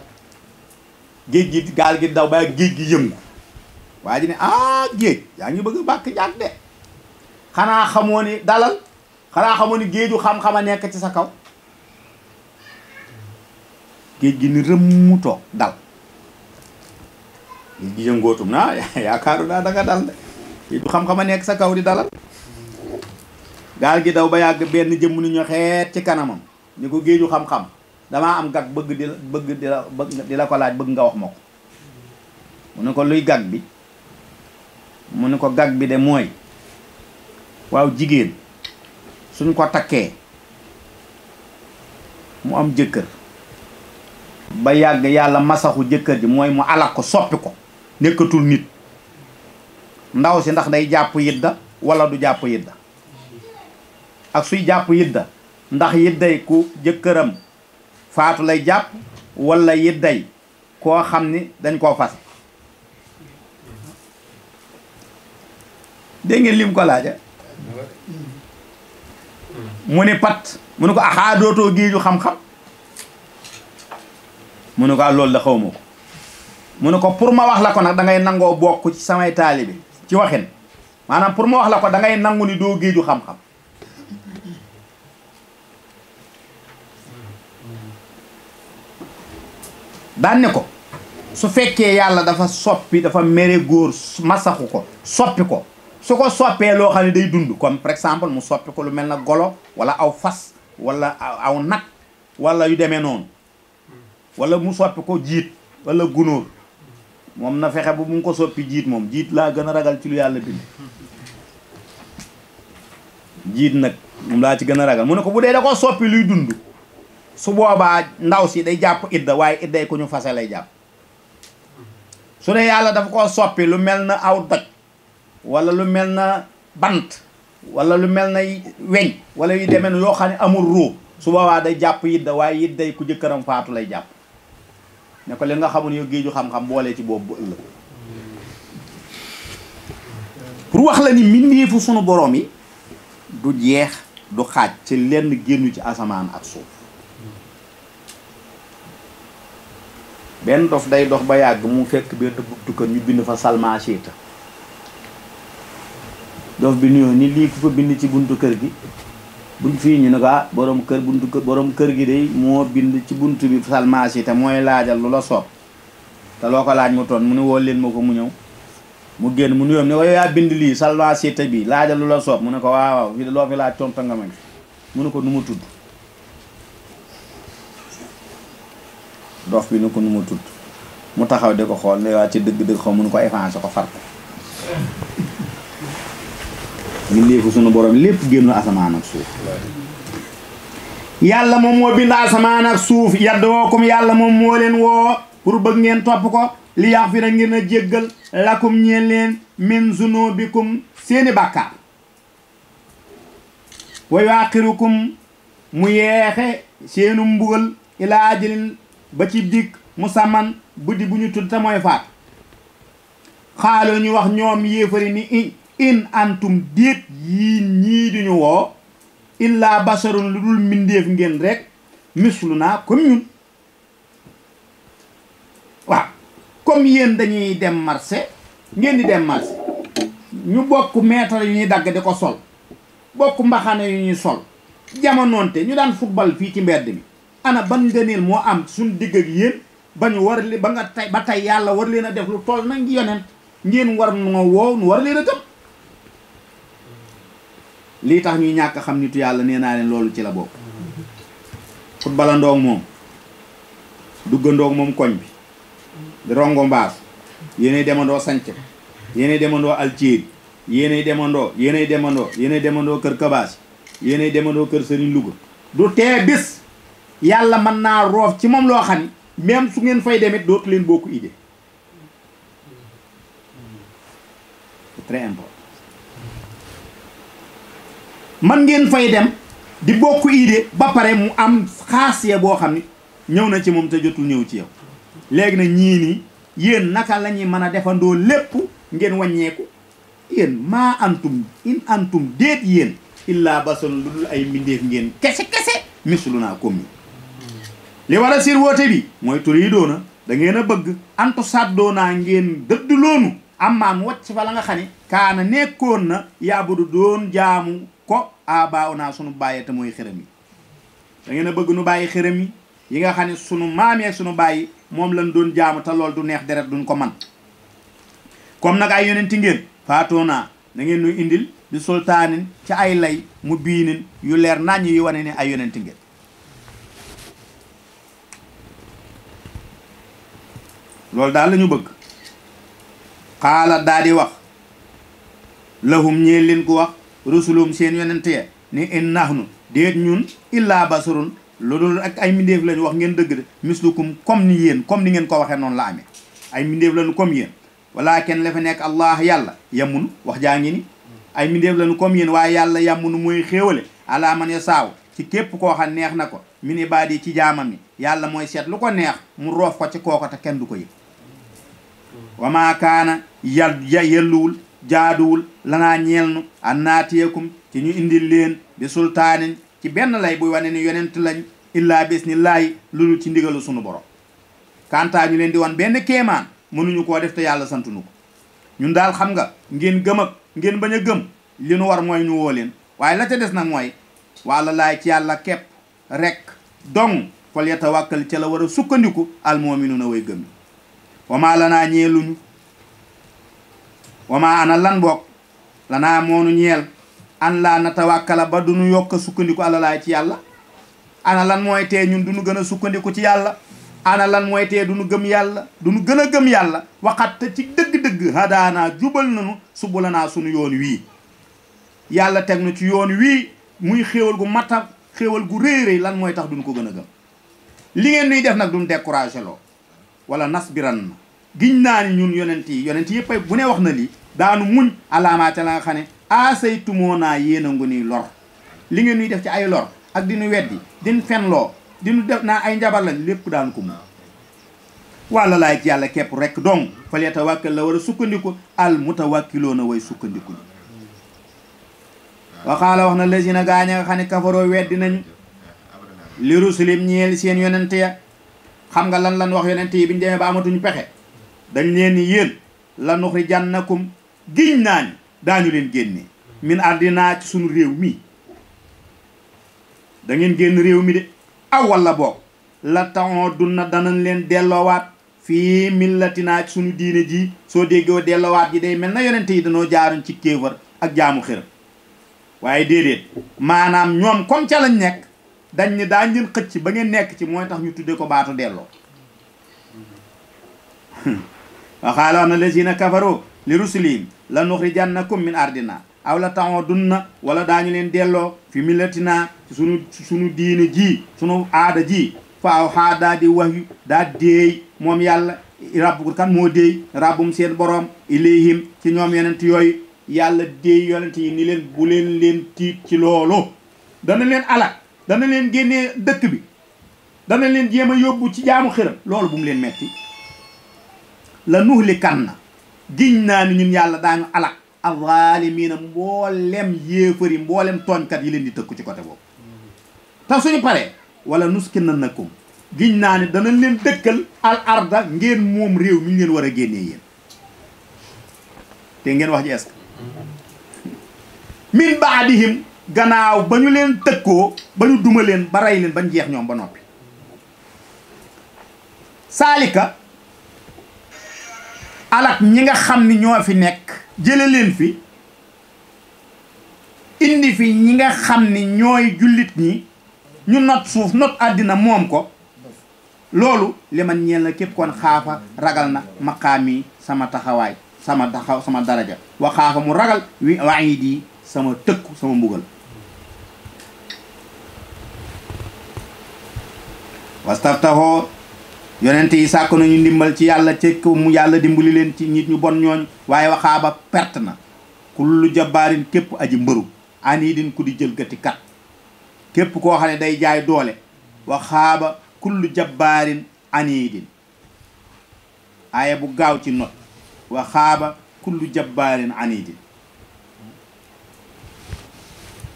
géej gi gaal gi di daw ba géej gi yëngu waa ji ne ah, géej yaa ngi bëgg a bàkk jàkk de xanaa xamoo ni dalal xanaa xamoo ni géeju xam-xam a nekk ci sa kaw géej gi ni rëmmu toog dal géej gi yëngootum naa yaakaaru naa da dal de géeju xam-xam a nekk sa kaw di dalal gaal gi daw ba yàgg benn jëmm ni ñu xeet ci kanamam ñu ko géeju xam-xam damaa am gag bëgg di la bëgg di la ko laaj bëgg nga wax ma ko mu ne ko luy gag bi mu ne ko gàgg bi de mooy waaw jigéen suñ ko takkee mu am jëkkër ba yàgg yàlla masaxu jëkkër ji mooy mu alak ko soppi ko nekkatul nit ndaw si ndax day jàpp yidda walla du jàpp yidda ak suy jàpp yidda ndax yidday ku jëkkëram faatu lay jàpp wala yidday koo xam ni dañ koo fas dégg ngeen lim ko laaja mu ni pat mu ni ko axaa dootoo géeju xam-xam mu ni ko ah loolu da xaw ko mu ni ko pour ma wax la ko nag da ngay nangoo bokk ci samay taalibi ci waxin maanaam pour ma wax la ko dangay nangu ni doo géeju xam-xam daan ne ko su fekkee yàlla dafa soppi dafa mere góor masaxu ko soppi ko su ko soppee loo xam ne day dund comme par exemple mu soppi ko lu mel na golo wala aw fas walla aw nag wala yu demee noonu wala mu soppi ko jiit wala gunóor moom na fexe bu mu ko soppi jiit moom jiit laa gën a ragal ci lu yàlla bind jiit nag moom laa ci gën a ragal mu ne ko bu dee da koo soppi luy dund su boobaa ndaw si day jàpp idda waaye idday ku ñu fase lay jàpp su ne yàlla dafa koo soppi lu mel na aw doj wala lu mel na bant wala lu mel na weñ wala yu demee yoo xam ne amul ruu su boobaa day jàpp idda waaye idday ku jëkkëram faatu lay jàpp ne ko li nga xamul yow géeju xam-xam boolee ci boobu bu ëllëg pour wax la ni mbindeefu sunu borom yi du jeex du xaaj ci lenn génn ci asamaan ak suuf benn dof day dox ba yàgg mu fekk benn buntu kër ñu bind fa salma siita dof bi nuyoo ni lii ku ko bind ci buntu kër gi buñ fii ñu ne ko ah, borom kër buntu kër borom kër gi day moo bind ci bunt bi salma siita mooy laajal lu la soob te loo ko laaj mu toon mu ne woo leen ma ko mu ñëw mu génn mu nuyoom ne ko yaa bind lii salma siita bi laajal lu la soob mu ne ko waaw waaw fii de loo fi laaj tontu nga ma mu ne ko nu mu tudd dof bi nu ko nu ma mu taxaw di ko xool ne waa ci dëgg-dëgg xaw mun ko évancé ko far ko mbindeefu sunu borom lépp génn asamaan ak suuf yàlla moom moo bind asamaan ak yàlla moom moo leen woo pour bëgg ngeen topp ko li yaax fi na ngir na jéggal lakum ñeen leen min zunubikum seeni bàkkaar wa yuaxirukum mu yeexe seenu mbugal ilaa ba ci dig musamman buddi bu ñu tudd te mooy faat xaaloo ñu wax ñoom yéefari ni in antum déet yii ñii duñu woo illaa basarun lu dul mbindéef rekk rek mislu naa comme ñun waaw comme yéen dañuy dem marse ngeen di dem marché ñu bokk meetar yu ñuy dagg di ko sol bokk mbaxane yu ñuy sol jamonoonte ñu daan football fii ci mbedd mi ana ban ngëneel moo am suñ digg ak yéen ba ñu war li ba nga tey ba tey yàlla war leen a def lu toll nag yonent ngeen war noo war leen a gëm lii tax ñuy ñàkk xam nitu yàlla nee naa leen loolu ci la bokk futbalandoog moom duggandoog moom koñ bi di rongo demandoo sanc yéenay demandoo alciir yéenay demandoo yéenay demandoo yéenay demandoo kër kabaas yéenay demandoo kër sëriñ Louga du tee bis yàlla mën naa roof ci moom loo xam ni même su ngeen fay demit dootu leen bokk idée c'est très man ngeen fay dem di bokk idée ba pare mu am xaasiya boo xam ni ñëw na ci moom te jotu ñëw ci yow léegi nag ñii nii yéen naka lañuy ñuy mën a defandoo lépp ngeen wàññeeku yéen maa antum in antum déet yéen illaa bason lu dul ay mbindeef ngeen kese kese mislu naa comme li war a sir woote bi mooy turiidoona da ngeen a bëgg antu naa ngeen dëdd loonu ammaam wacc fa la nga xam ne kaana nekkoon na yaabudu doon jaamu ko a baaw naa sunu bàyyee te mooy xërëm yi da bëgg nu bàyyi xërëm yi yi nga xam ne sunu maamee sunu bàyyi moom lañ doon jaamu te lool du neex deret duñ ko man comme nag ay yonenti ngeen faatoonaa da ngeen nu indil bi sultaanin ci ay lay mu biinin yu leer naññ yi wane ne ay yonenti ngeen loolu daal lañu bëgg xaala daal di wax lahum ñeen leen ko wax rusulum seen yonent ya ni in nu déet ñun illaa basarun loolu ak ay mbindeef lañu wax ngeen dëgg de mislukum comme ni yéen comme ni ngeen ko waxee noon la amee ay mbindeef lañu comme yéen walaa kenn la fa nekk allah yàlla yamunu wax jaa ngi ay mbindeef lañu comme yéen waaye yàlla yamunu mooy xéewale alaa man ya saaw ci képp ko wax a neex na ko min ibaadi ci jaamam yi yàlla mooy seet lu ko neex mu roof ko ci kooko kenn du ko yëg wa maa kaana yal ya yelluwul jaaduwul lanaa ñeelnu an naatiyekum ci ñu indi leen bi sultaanin ci benn lay buy wane ni yonent lañ illaa bis ni laay lulu ci ndigalu sunu borom kantaa ñu leen di wan benn kéemaan mënuñu koo def te yàlla santunu ko ñun daal xam nga ngeen gëm ak ngeen bañ a gëm li nu war mooy ñu woo leen waaye la ca des nag mooy wàlla laay ci yàlla kepp rek dong fal yatawakkal ca la war a sukkandiku almoominuuna way gëm wama lanaa ñeeluñu wama ana lan bokk lanaa moonu ñeel an laa natawàkkala ba du ñu yokk a sukkandiku alalaay ci yàlla ana lan mooy tee ñun du ñu gën a sukkandiku ci yàlla ana lan mooy tee du ñu gëm yàlla du ñu gën a gëm yàlla waxat te ci dëgg-dëgg hadaanaa jubal nañu subu lanaa suñu yoon wii yàlla teg nu ci yoon wii muy xéewal gu mata xéewal gu réeréy lan mooy tax duñ ko gën a gëm li ngeen nuy def nag duñ découragé loo wala nas biran na giñ naa ni ñun yonent yi yonent yëpp ay bu ne wax na lii daanu muñ alaamaa ca la nga xam ne asaytumoo naa yéen a ngu nuy lor li ngeen ñuy def ci ay lor ak dinu nu weddi di fen loo di def naa ay njabar lañ lépp daan ko muñ wàlla yàlla képp rek donc fale la war a sukkandiku al mutawakkiloo na way sukkandiku ñi waxaala wax na lësina gaa ña nga xam ne kafaroo weddi nañu li rusulim ñeel seen yonent ya xam nga lan lan wax yonent yi bi ñu demee ba amatuñu pexe dañ leen ni yéen la nuxrijannakum giñ naañ daañu leen génne min àddinaa suñu réew mi da génn réew mi de aw la boog la taxoon dunna danañ leen delloowaat fii millatinaa ci suñu diine ji soo déggoo dellowaat ji day mel na yonente yi dañoo jaaruñ ci kéefar ak jaamu xërëm waaye déedéet maanaam ñoom comme ca lañ nekk dañ ne daañ leen xëcc ba ngeen nekk ci mooy tax ñu tudde ko baatu delloo wa qaala wax na lazina kafaru li rusulihim la nuxrijannakum min ardina aw la na wala daañu leen delloo fi millatina na suñu suñu diine ji suñu aada ji fa aw xaa daa wax daa déey moom yàlla rabbu kan moo déey rabbum seen borom ilayhim ci ñoom yonent yooyu yàlla déey yonent yi ni leen bu leen leen tiit ci loolu dana leen alak dana leen génne dëkk bi dana leen jéem a yóbbu ci jaamu xiram loolu bu mu leen metti la nuhlikanna giñ naa ni ñun yàlla daañu alak azaalimiina mboolem yéefar yi mboolem tooñkat yi leen di tëkku ci côté boobu te suñu paree na nuskinannakum giñ naa ni danañ leen dëkkal al arda ngeen moom réew mi leen war a génnee yéen te ngeen wax ji est-ce que min baadihim gannaaw ba ñu leen tëkkoo ba ñu duma leen ba rey leen bañ jeex ñoom ba noppi saalika alak ñi nga xam ni ñoo fi nekk jële leen fi indi fi ñi nga xam ni ñooy jullit ñi ñu not suuf not àddina moom ko loolu li man ñeel na kon xaafa ragal na maqaami sama taxawaay sama taxaw sama daraja wa xaafa mu ragal wi waid sama tëkku sama mbugal wastaftaxoo yonent yi sàkk nañu ndimbal ci yàlla tekk mu yàlla dimbali leen ci nit ñu bon ñooñ waaye waxaaba pert na kullu jabbaarin képp aji mbëru an yi din ku di jëlgati kat képp koo xam ne day jaay doole waxaaba kullu jabbaarin an yi bu gaaw ci not waxaaba kullu jabbaarin an yi din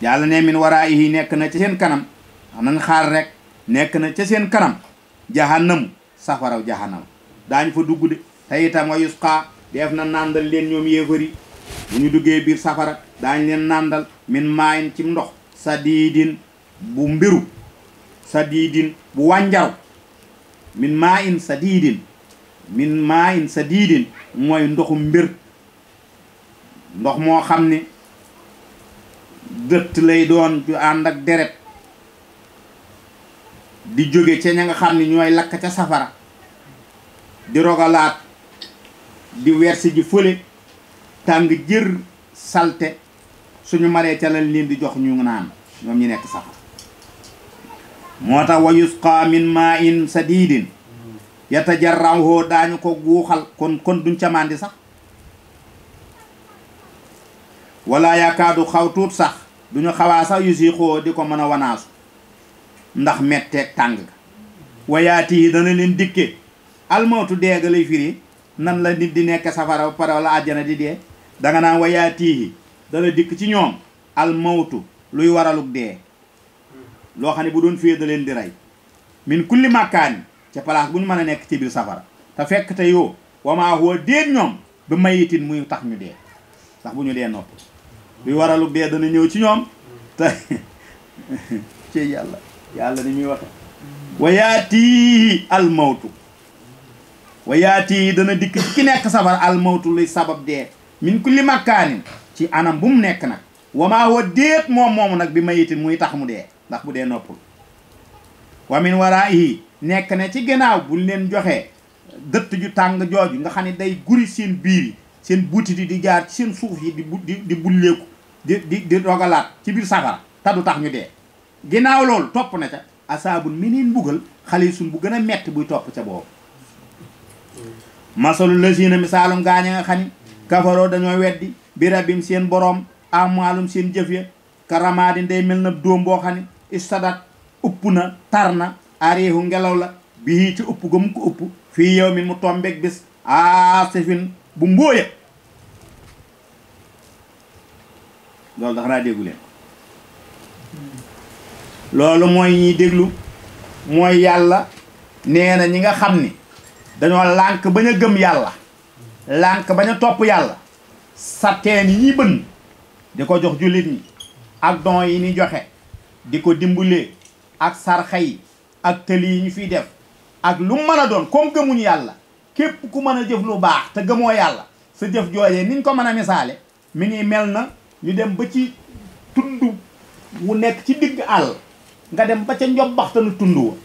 yàlla ne min waraayihi nekk na ca seen kanam xam nañ xaar rek nekk na ca seen kanam jahannamu safara jahanam daañ fa dugg de te wa yusqa def na nàndal leen ñoom yéefar yi ñu duggee biir safara daañ leen nàndal min maayin ci ndox sadiidin bu mbiru sadiidin bu wànjaru min maayin sadiidin min maayin sadiidin mooy ndoxum mbir ndox moo xam ni dëtt lay doon ju ànd deret di jóge ca ña nga xam ni ñooy lakk ca safara di rogalaat di wersi ji fële tàng jër salte suñu maree ca lañ leen di jox ñu naan ñoom ñu nekk safara moo tax wa yusqa min maa in sadiidin yatajarrawhoo daañu ko guuxal kon kon duñ ca màndi sax yaakaar du xaw tuut sax duñu xawaa sax yu si xoo di ko mën a wanaasu ndax metteeg tang wayati dana len dikke al mautu ga firi nan la nit di nek safara pare wala àjjana di de da nga nan wayati dana dik ci al mautu luy waraluk de lo xani bu doon fee da di ray min kulli makan ci place bu ñu mën a ci bir safara te fekk te yoo wamaa huwa de ñom bi mayitin muy tax ñu de ndax bu ñu nopp luy waraluk de dana ñew ci ñom ci yalla yalla ni mi wax wa al maut wa dana dik ci nek sabar al maut luy sabab de min kulli makan ci anam bu mu nekk nag wamaa wa déet mom moomu nag bi mayitin muy tax mu de ndax bu de nopul wa min wara'i nek na ci gannaaw bu leen joxe deut ju tang joju nga xani day guri seen biir seen di jaar sin seen yi di bu di bulleku di di rogalat ci bir safara ta du tax ñu de ginaaw loolu top na ca asabun minin bugal khalisun bu gëna metti bu top ca bob hmm. masalu lasina misalum gaaña nga xani kafaro dañu weddi bi rabbim seen borom amwalum seen jëf ya karamaadin day mel na dóom boo istadat uppuna tarna arihu na ngelaw la ci upp gum ko upp fi yow min mu tombeeg bis sefin bu mbóoya lol da naa degulen loolu mooy ñiy déglu mooy yàlla nee na ñi nga xam ni dañoo lànk bañ a gëm yàlla lànk bañ a topp yàlla satteen yi ñuy bënn di ko jox jullit ñi ak don yi ni joxe di ko dimbulee ak sarxa yi ak tëli yi ñu fiy def ak lu mën a doon comme gëmuñu yàlla képp ku mën a jëf lu baax te gëmoo yàlla sa jëf joojee niñ ko mën a misaale mu ngi mel na ñu dem ba ci tund wu nekk ci digg àll nga dem ba ca njobbaxtanu tund wa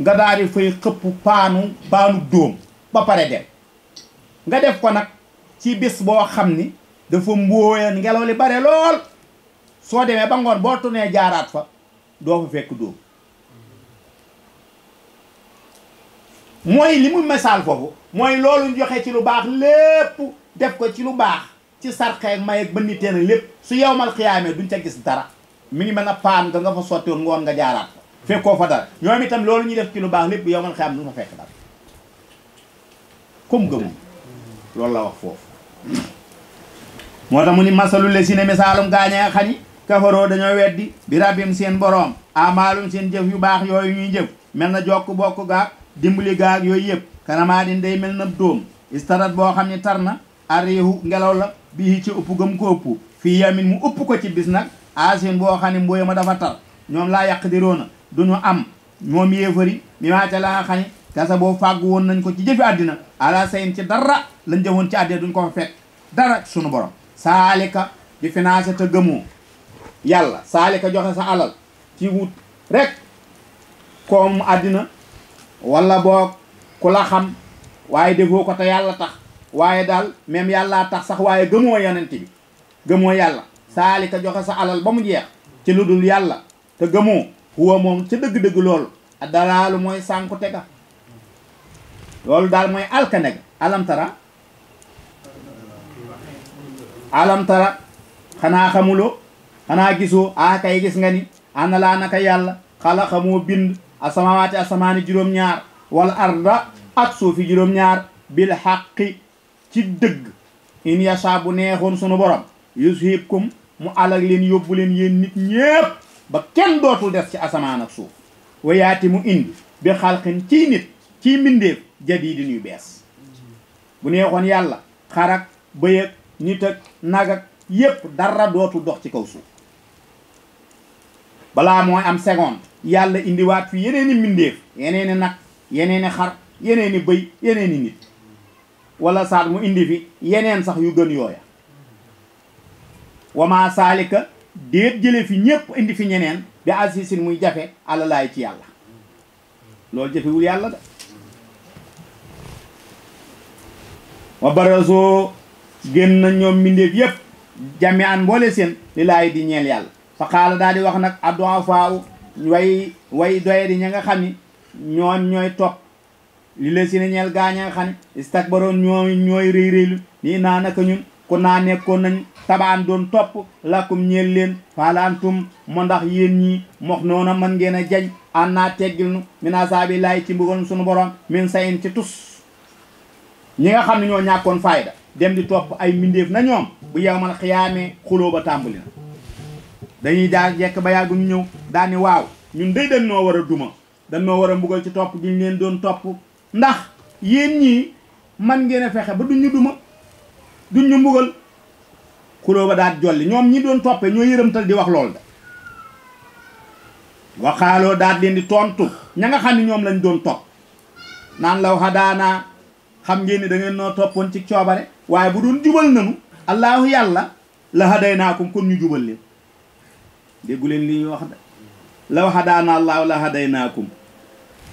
nga daar di fay xëpp paanu paanu dóom ba pare dem nga def ko nag ci bis boo xam ni dafa mbóoyeen ngelaw li bare lool soo demee ba ngoon boo tunee jaaraat fa doo fa fekk dóom mooy li mu misaal foofu mooy loolu joxe ci lu baax lépp def ko ci lu baax ci sarxeeg may ak bënnitee na lépp su yowmal xiyaamee duñ ca gis dara mi ngi mel na paan nga nga fa sotti woon ngoon nga jaaraat ko hmm. fekkoo fa dara ñoom itam loolu ñu def ci lu baax lépp yow man xam du fa fekk dara comme gëmum hmm. loolu la wax foofu moo tax mu ni masalu le si ne misaalum gaañee nga xani kafaroo dañoo weddi bi rabim seen boroom amaalum seen jëf yu baax yooyu ñuy jëf mel na jokk bokk gaag dimbali gaag yooyu yëpp kanamaa din day mel na dóom istarat boo xam ne tar na ariihu ngelaw la bii ci ëpp gëm ko ëpp fii yamin mu ëpp ko ci bis nag aasin boo xam ne mbooy ma dafa tar ñoom laa yàq di roona duñu am ñoom yéefari mi maa ca la nga xam ne boo fàgg woon nañ ko ci jëfi àddina ala sayin ci dara lañ jëfoon ci àddina duñ ko fa fekk dara sunu borom saalika di financé te gëmoo yàlla saalika joxe sa alal ci wut rek koomu àddina walla boog ku la xam waaye defoo ko te yàlla tax waaye daal même yàllaa tax sax waaye gëmoo yonent bi gëmoo yàlla saali ta joxe sa alal bamu jeex ci luddul yalla te gëmoo huwa ci deug deug lol loolu moy sanku tega lol dal moy mooy alam tara alam tara xana xamulo xana gisoo a kay gis nga ni ana naka yalla khala xamoo bind asamawaati asmani jurom ñaar wal arda ak fi jurom ñaar bil haqqi ci deug in yasa bu neexoon sunu borom yushibkum mu alal leen yóbbu leen yéen nit ñépp ba kenn dootul des ci asamaan ak suuf wayaati mu indi bi xalqin ciy nit ciy mbindeef jadiidin yu bees bu neexoon yàlla xarak bëyëg nit ak nag ak yépp dara dootul dox ci kaw suuf balaa mooy am seconde yàlla indiwaat fi yeneeni mbindeef yeneeni nag yeneeni xar yeneeni bëy yeneeni nit wala saat mu indi fi yeneen sax yu gën yooya wama saalika déet jële fi ñépp indi fi ñeneen bi asisin muy jafe alalaay ci yàlla loolu jafewul yàlla da wa barasoo génn na ñoom mbindéef yépp jami an mboole seen li laay di ñeel yàlla fa xaala daal di wax nag addoa faaw way way doye ña nga xam ni ñoon ñooy topp li la si ñeel gaa nga xam ne istakbaroon ñooy ñooy réy réylu nii naa naka ñun kon naa nekkoon nañ tabaan doon topp lakum ñeel leen faalaantum mo ndax yéen ñi mox noona mën ngeen a jañ an naa teggil nu min asaabi laay ci mbugal suñu borom min sayin ci tus ñi nga xam ne ñoo ñàkkoon fayda dem di topp ay mbindeef na ñoom bu yowmal xiyaamee xuloo ba tàmbali na dañuy daa jekk ba yàgg ñëw daani waaw ñun day dañ noo war a duma dañ noo war a mbugal ci topp gi leen doon topp ndax yéen ñii man ngeen fexe ba duñu duma duñ ñu mbugal xuloo ba daat jolli ñoom ñi doon toppee ñoo yërëmtal di wax lool de waxaaloo daat leen di tontu ña nga xam ne ñoom lañ doon topp naan law hadaana xam ngeen ni da ngeen noo toppoon ci coobare waaye bu doon jubal nanu allahu yàlla la hadaynaakum kon ñu jubal leen déggu leen li ñuy wax de law hadaana allahu la hadaynaakum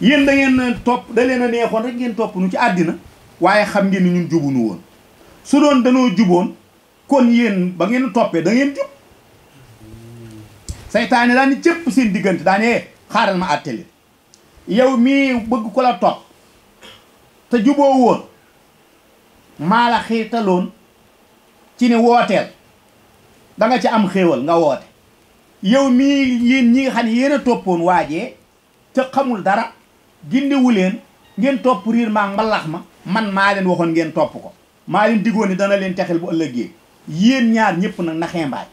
yéen da topp da leen a neexoon rek ngeen topp nu ci àddina waaye xam ngeen ni ñun jubunu woon su doon danoo juboon kon yéen ba ngeen toppee da ngeen jub seytaane daan ni cëpp seen diggante daan eh, xaaral ma àttali yow mii bëgg ko la topp te juboo woon maa la xiirtaloon ci ne wooteel danga ci am xéewal nga woote yow mii yéen ñi nga xam ne yéen a toppoon waajee te xamul dara gindiwu leen ngeen topp riir maa mbalax ma man maa leen waxoon ngeen topp ko maa leen diggoon ni dana leen texel bu ëllëgee yéen ñaar ñëpp nag naxee mbaay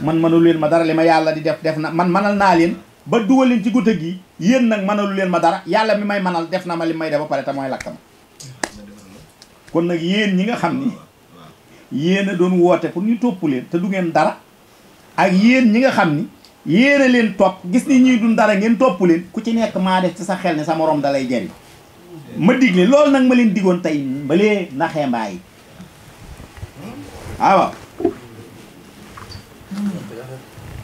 man mënalu leen ma dara li ma yàlla di def def na man manal naa leen ba dugal leen ci guddi gi yéen nag mënalu leen ma dara yàlla mi may manal def na ma li may def ba pare te mooy lakk ma kon nag yéen ñi nga xam ni yéen a doon woote pour ñu topp leen te du ngeen dara ak yéen ñi nga xam ni yéen leen topp gis ni ñuy dun dara ngeen topp leen ku ci nekk maa def ci sa xel ne sa morom da lay jëriñ ma digle lol nang ma leen digoon tey mbalee naxé mbaay waaw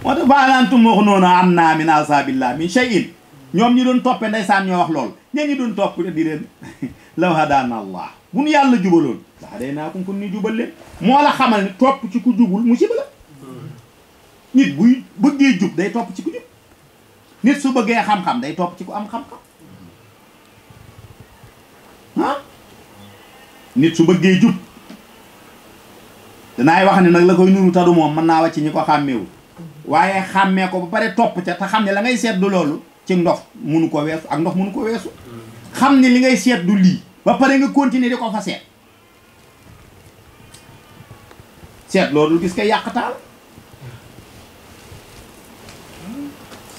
wa tax balantum wax noonu amna min asabillah min shay'in ñom ñi doon topé ndaysan ñoo wax lool ñi ñi doon top di len law hadana allah bu yalla jubalon da la na ko ni jubal le mo la xamal ni top ci ku jubul musiba la nit bu bëggee jub day top ci ku jub nit su bëggee xam-xam day top ci ku am xam-xam nit su bëggee jub danaay wax ne nag la koy nuru tadu moom mën naa wàcc ñi ko xàmmeewu waaye xàmmee ko ba pare topp ca te xam ne la ngay seet du loolu ci ndox munu ko weesu ak ndox munu ko weesu xam ne li ngay seet du lii ba pare nga continuer di ko fa seet seet loolu gis yàq yàqtaal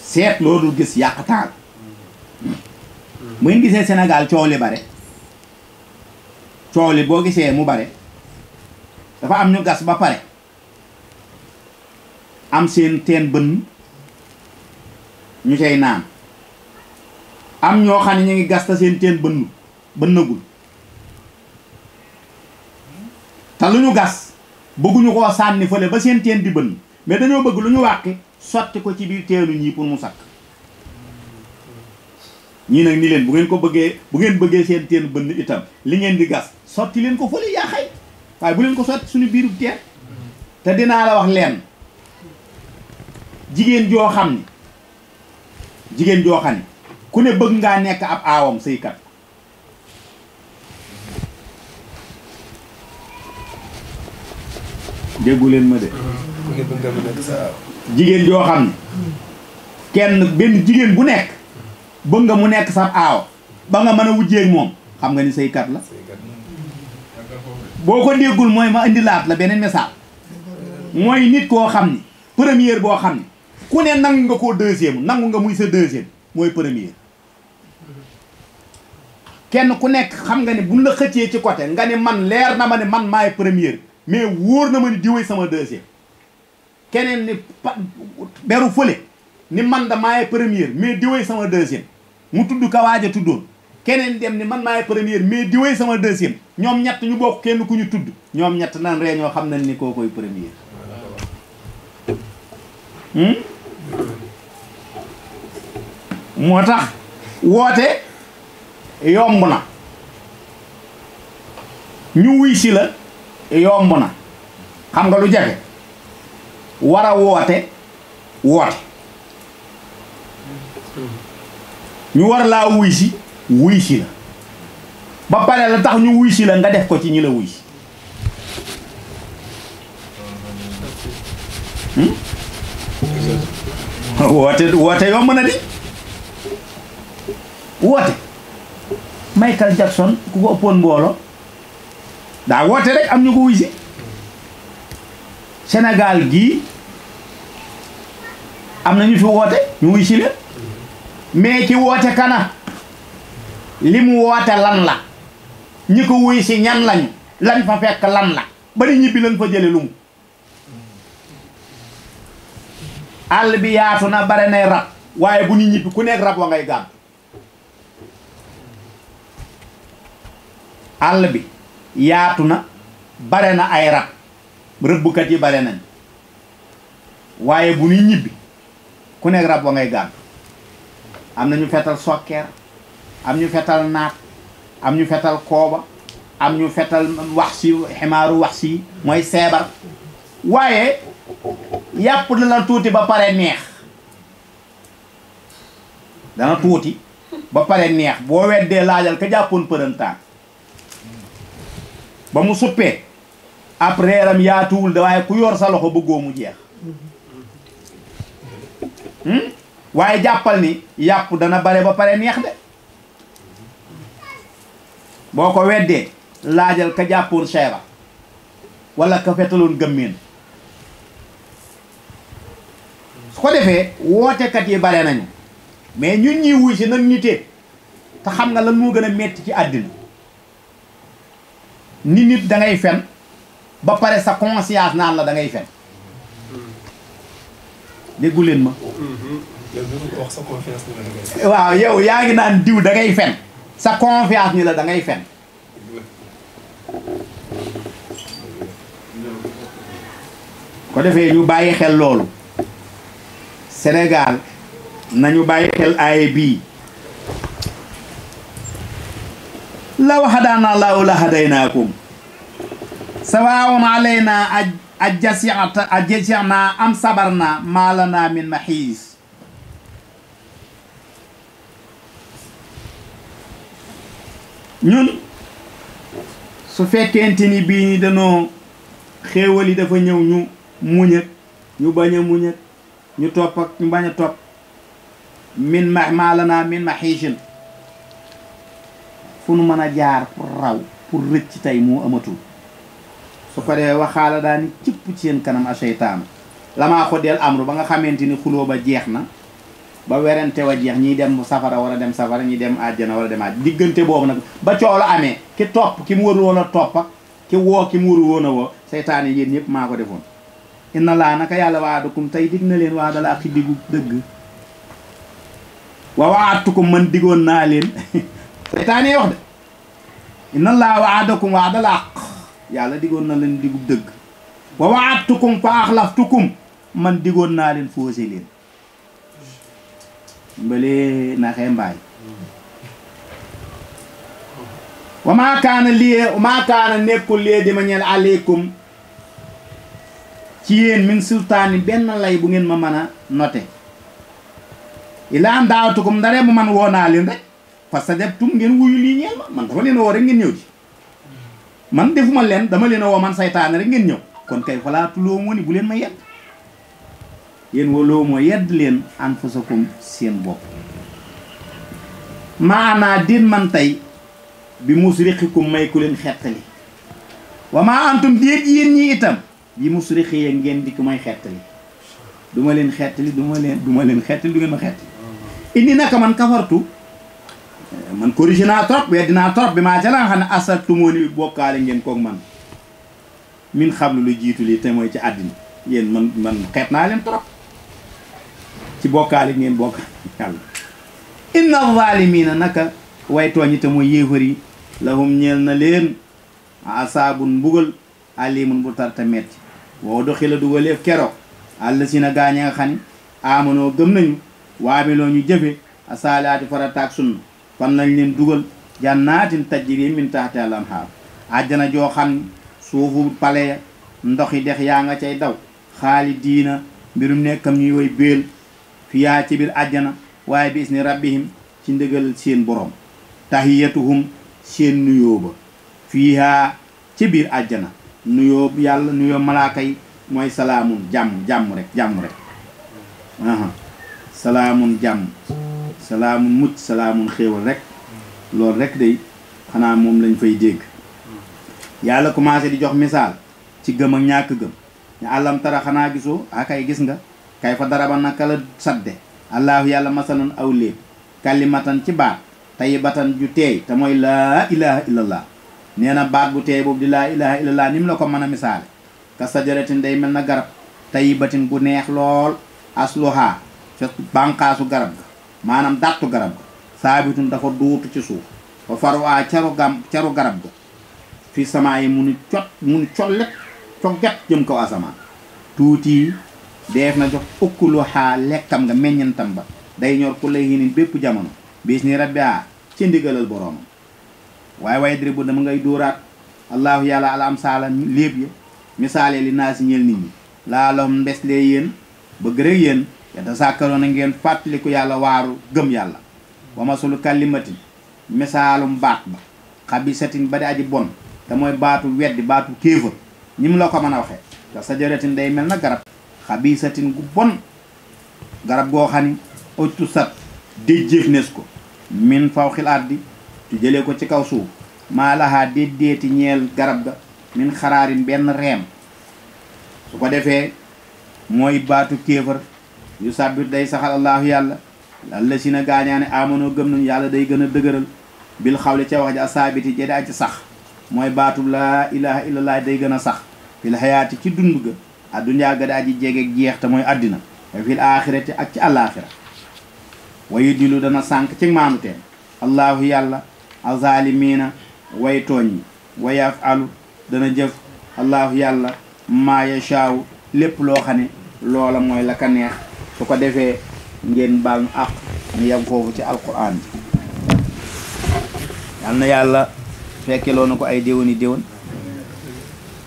seet loolu gis yàqtaal muy gisee Sénégal coow li bare coow li boo gisee mu bare dafa am ñu gas ba pare am seen teen bënn ñu cay naan am ñoo xam ne ñu ngi gas te seen teen bënn bënnagul te lu ñu gas bëgguñu koo sànni fële ba seen teen di bënn mais dañoo bëgg lu ñu wàqi sotti ko ci biir teenu ñii pour mu sakk ñii nag ni leen bu ngeen ko bëggee bu ngeen bëggee seen teen bënn itam li ngeen di gas soti len ko fële ya xay way bu len ko sotti suñu biiru te te dina la wax len jigen jo xamni jigen jo xamni ku ne beug nga nek ab aawam sëykat déggu leen ma de jigen jo xamni kenn ben jigen bu nek beug nga mu nek sa ba nga meuna wujje ak moom xam nga ni kat la boo ko déggul mooy ma indilaat laat la beneen message mooy nit koo xam ni première boo xam ni ku ne nangu nga koo deuxième nangu nga muy sa deuxième mooy première kenn ku nekk xam nga ne buñ la xëccee ci côté nga ne man leer na ma ne man maay première mais wóor na ma ni diwee sama deuxième keneen ni beru fële ni man da maay première mais diwee sama deuxième mu tudd kawaaja tuddoon keneen dem ni man maay première mais di wéy sama deuxième ñoom ñett ñu bokk kenn ku ñu tudd ñoom ñett naan ree ñoo xam nañ ni koo koy première hmm? moo tax woote yomb na ñu wuy si la yomb na xam nga lu jafe war a woote woote ñu war laa wuy si wuy si la ba pare la tax ñu wuy si la nga def ko ci ñi la wuy si hmm? woote woote yomb na di woote Michael Jackson ku ko ëppoon mbooloo daa woote rek am ñu ko wuy si Sénégal gii am na ñu fi woote ñu wuy si leen mais ci woote kana li mu woote lan la ñi ko wuy si ñan lañ lañ fa fekk lan la ba ñibbi lañ fa jële lu mu àll bi yaatu na bare nay rab waaye bu ñu ñibbi ku nekk rab wa ngay gàddu àll bi yaatu na bare na ay rab yi bare nañ waaye bu ku nekk rab ngay gàddu am na ñu fetal sokkeer am ñu fetal naat am ñu fetal kooba am ñu fetal wax ximaaru wax si mooy seebar waaye yàpp na la tuuti ba pare neex dana tuuti ba pare neex boo weddee laajal ka jàppoon përëntaan ba mu suppee ab reeram yaatuwul da waaye ku yor sa loxo bëggoo mu jeex hmm? waaye jàppal ni yàpp dana bare ba pare neex de boo ko weddee laajal ka jàppoon seeba wala ka fetaloon gëmmeen su ko defee wootekat yi bare nañu mais ñun ñi wuy si nan nitee te xam nga lan moo gën a metti ci àddina ni nit da fen ba pare sa conscience naan la dangay ngay fen déggu leen ma mm-hmm. waaw yow yaa ngi naan diw da ngay fen sa confiance ñu la dangay ngay fen ko defee ñu bàyyi xel loolu Sénégal nañu bàyyi xel ay bii law hadaana laahu la hadaynaakum sawaa'un alaynaa ajjasi'naa am sabarnaa maa lanaa min mahiis ñun su fekkente ni bii ni danoo xéewal yi dafa ñëw ñu muñat ñu bañ a ñu topp ak ñu bañ a topp min ma maalanaa min ma xiichin fu nu mën a jaar pour raw pour rëcc tey mu amatul su ko dee waxaala daani cipp ci seen kanam a seytaanu lamaa ko del amru ba nga xamante ni xuloo ba jeex na ba werante wa jeex ñiy dem safara war a dem safara ñi dem àjjana war a dem àjjana diggante boobu nag ba coow la amee ki topp ki mu waru woon a topp ak ki woo ki mu waru woon a woo seytaan yi yéen ñëpp maa ko defoon inna laa naka yàlla waadukum tey dig na leen waa dala ak ci diggu dëgg wa waatukum man digoon naa leen seytaan yi wax de inna laa waadakum waa dala ak yàlla digoon na leen diggu dëgg wa waatukum fa axlaftukum man digoon naa leen foose leen mbële naxee mbaay wa maa kaana lii maa kaana nekkul lii di ma ñeel aleykum ci yéen min sultaani benn lay bu ngeen ma mën a note ilaan daawatukum ndaree mu man woo naa leen rek parce que def tum ngeen wuyu lii ñeel ma man dafa leen a woo rek ngeen ñëw ci man defuma leen dama leen a woo man seytaane rek ngeen ñëw kon kay falaa tuloo moo ni bu leen ma yedd yéen waloo moo yedd leen an ko seen bopp maanaa din man tey bi musrixikum may ku leen xettali wa maa antum déet yéen ñi itam bi musrixi ya ngeen di ku may xettali duma leen xettali du ma leen du ma leen xettali du ngeen ma xettali indi naka man kafartu man corrigé naa trop weddi naa trop bi maa ca xam ne asal tumooni bokkaale ngeen kook man min xam lu jiitu lii te mooy ci àddina yéen man man xeet naa leen trop ci bokkaale ngeen bokk yàlla inna zaalimiina naka way tooñi te mooy yéefar yi lahum ñeel na leen asaabun mbugal alimun bu tarta metti wow doxi la dugaleef keroog àll si na gaañe nga xam ne amanoo gëm nañu waamiloo ñu jëfe asaalaati farataak sunna fan lañ leen dugal jannaatin tajri min tahtiha al anhaar àjjana joo xam ne pale ya ndoxi dex yaa nga cay daw xaali diina mbirum nekkam ñuy woy béel fiyaa ci biir àjjana waaye bi isni rabbihim ci ndëgal seen borom tahiyatuhum seen nuyoo ba fiihaa ci biir àjjana nuyoo yàlla nuyoo malaakay mooy salaamun jàmm jàmm rek jàmm rek salaamun jàmm mucc salaamun xéewal rekk loolu rek day xanaa moom lañ fay dégg yàlla commencé di jox misaal ci gëm ak ñàkk gëm ñu àllam tara xanaa gisoo akay gis nga kay fa daraba naka la sadde allaahu yàlla masalun aw léeb kalimatan ci baat tayibatan ju teey te mooy laa ilaha illallah nee na baat bu teey boobu di laa ilaha illallah ni mu la ko mën a misaale ka sajaratin day mel na garab tayibatin bu neex lool asluha ca bànqaasu garab ga maanaam dàttu garab ga saabitun dafa duutu ci suuf ba faruwaa caru gam caru garab ga fii samaa yi mu nu cot mu nu collet coggat jëm kaw asamaan tuuti deef na jox ukuluhaa lekkam nga meññantam ba day ñor ku lay bépp jamono bis ni rabbiha ah, ci ndigalal boroomam waaye waaye dri bu dama ngay dóoraat allahu yàlla ala am saala léeb ya misaale li naa si ñeel nit ñi laa lahum mbes lee yéen bëgg rek yéen yata sàkkaroon a ngeen fàttaliku yàlla waaru gëm yàlla wa masulu kalimatin misaalum baat ba xabisatin ba di aji bon te mooy baatu weddi baatu kéefër ñi mu la ko mën a waxee te sajaratin day mel na garab xabiisatin gu bon garab goo xam ni ojtu sat déjjéef nees ko min faw xil ardi tu jëlee ko ci kaw suuf maa lahaa déddeeti ñeel garab ga min xaraarin benn reem su ko defee mooy baatu kéefar yu sàbbit day saxal allaahu yàlla lalla si na gaañaane amonoo gëm nañu yàlla day gën a dëgëral bil xawle ca wax ja saabiti ja daa ci sax mooy baatu laa ilaha illallah day gën a sax bil xayaati ci dund ga addunyaa ga daa ji jege jeex te mooy àddina wa fil axirati ak ci àllaaxira wayu dilu dana sànq ci maanuteen allahu yàlla azaalimiina way tooñ ñi wa yafalu dana jëf allahu yàlla maa yashaaw lépp loo xam ne loola mooy la neex su ko defee ngeen baal nu àq ñu yem foofu ci alquran bi yal na yàlla fekke na ko ay déwéni déwén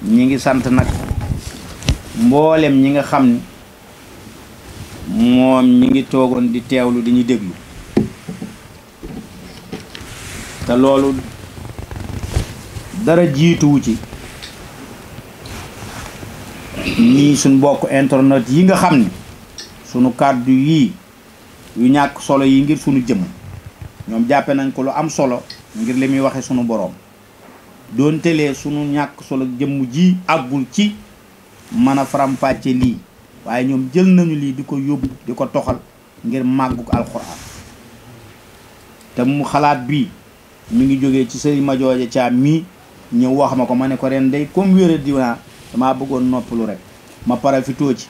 ñi ngi sant nag mboolem ñi nga xam ni moom ñi ngi toogoon di teewlu di ñu déglu te loolu dara jiituwu ci ñii suñ bokk internet yi nga xam ni sunu kàddu yii yu ñàkk solo yi ngir sunu jëm ñoom jàppe nañ ko lu am solo ngir li muy waxe sunu boroom doontelee sunu ñàkk solo jëmm ji àggul ci mana faram-fàcce li waye ñom jël nañu li diko ko diko toxal ngir maggu alquran te mu xalaat bi mi ngi jógee ci sey ma jooja caam mii wax ma mané ko ren day comme wéré diwa dama bëggoon rek ma to ci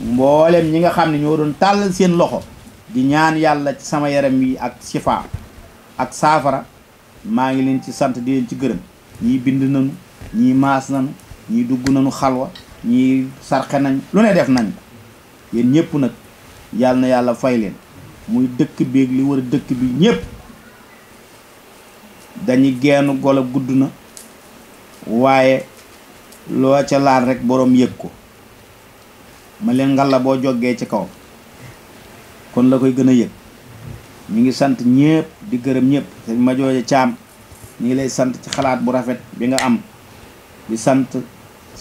mbolem ñi nga xamni ñoo doon tal seen loxo di ñaan yalla ci sama yaram yi ak sifa ak safara ma ngi leen ci sante di leen ci gëreem ñi bind nañu ñi maas nañu ñi dugg nañu xalwa ñii sarxe nañ lu ne def nañ ko yéen ñëpp nag yàlla na yàlla fay leen muy dëkk bi ak li war a dëkk bi ñëpp dañuy geenu golo gudd na waaye loo ca laal rekk boroom yëg ko ma leen ngalla boo joggee ci kaw kon la koy gën a yëg ñu ngi sant ñëpp di gërëm ñëpp ma Majooja Caam ñu ngi lay sant ci xalaat bu rafet bi nga am di sant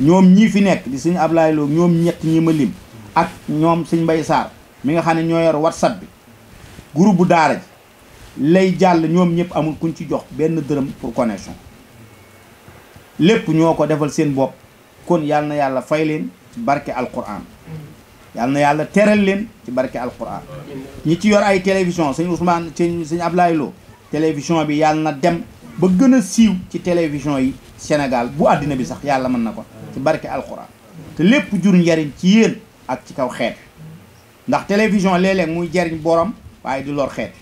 ñoom ñii fi nekk di sëñ Ablaye Lo ñoom ñett ñi ma lim ak ñoom sëñ Mbay Sarr mi nga xam ne ñoo yor whatsapp bi groupe bu daara ji lay jàll ñoom ñëpp amul kuñ ci jox benn dërëm pour connexion lépp ñoo ko defal seen bopp kon yàlla na yàlla fay leen ci barke alquran yàlla na yàlla teral leen barke alquran ñi ci yor ay télévision sëñ Ousmane sëñ sëñ Ablaye Lo télévision bi yàlla na dem ba gën a siiw ci télévision yi Sénégal bu àddina bi sax yàlla mën na ko ci barke alxuraan te lépp jur njariñ ci yéen ak ci kaw xeet ndax télévision léeg-léeg muy jariñ borom waaye du lor xeet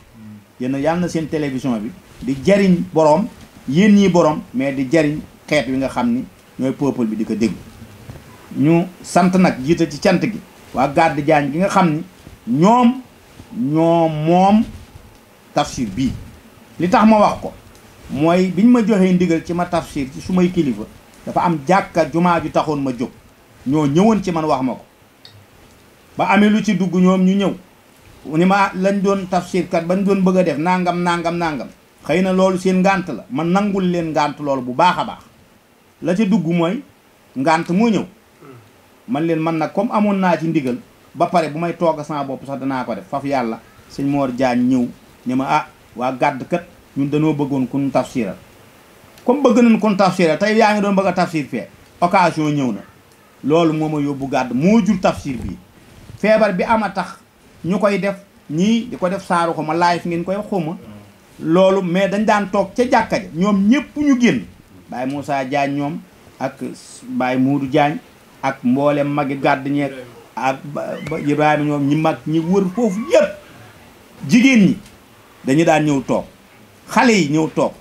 yéen yàlla na seen télévision bi di jariñ borom yéen ñii borom mais di jariñ xeet wi nga xam ni ñooy peuple bi di ko dégg ñu sant nag jiite ci cant gi waa garde jaañ gi nga xam ni ñoom ñoom moom tafsir bii li tax ma wax ko mooy biñ ma joxee ndigal ci ma tafsir ci su may kilifa dafa am jàkka jumaa ju taxoon ma jóg ñoo ñëwoon ci man wax ma ko ba amee lu ci dugg ñoom ñu ñëw ni ma lañ doon tafsir kat bañ doon bëgg a def nangam nangam nàngam xëy na loolu seen ngànt la ma nangul leen ngànt loolu bu baax a baax la ca dugg mooy ngànt moo ñëw man leen man nag comme amoon naa ci ndigal ba pare bu may toog sama bopp sax danaa ko def faf yàlla sëñ Mor Jaañ ñëw ni ma ah waa gàdd kat ñun dañoo bëggoon kun tafsiral comme bëgg nañ kon tafsir tey yaa ngi doon bëgg a tafsir fee occasion ñëw na loolu moo ma yóbbu gàdd moo jur tafsir bii feebar bi am a tax ñu koy def ñii di ko def saaru ko ma laayif ngeen koy xuma loolu mais dañ daan toog ca jàkka ja ñoom ñëpp ñu génn Baye Moussa Diagne ñoom ak Baye muuru Diagne ak mboolem magi gàdd ñeeg ak Ibrahima ñoom ñi mag ñi wër foofu yëpp jigéen ñi dañu daan ñëw toog xale yi ñëw toog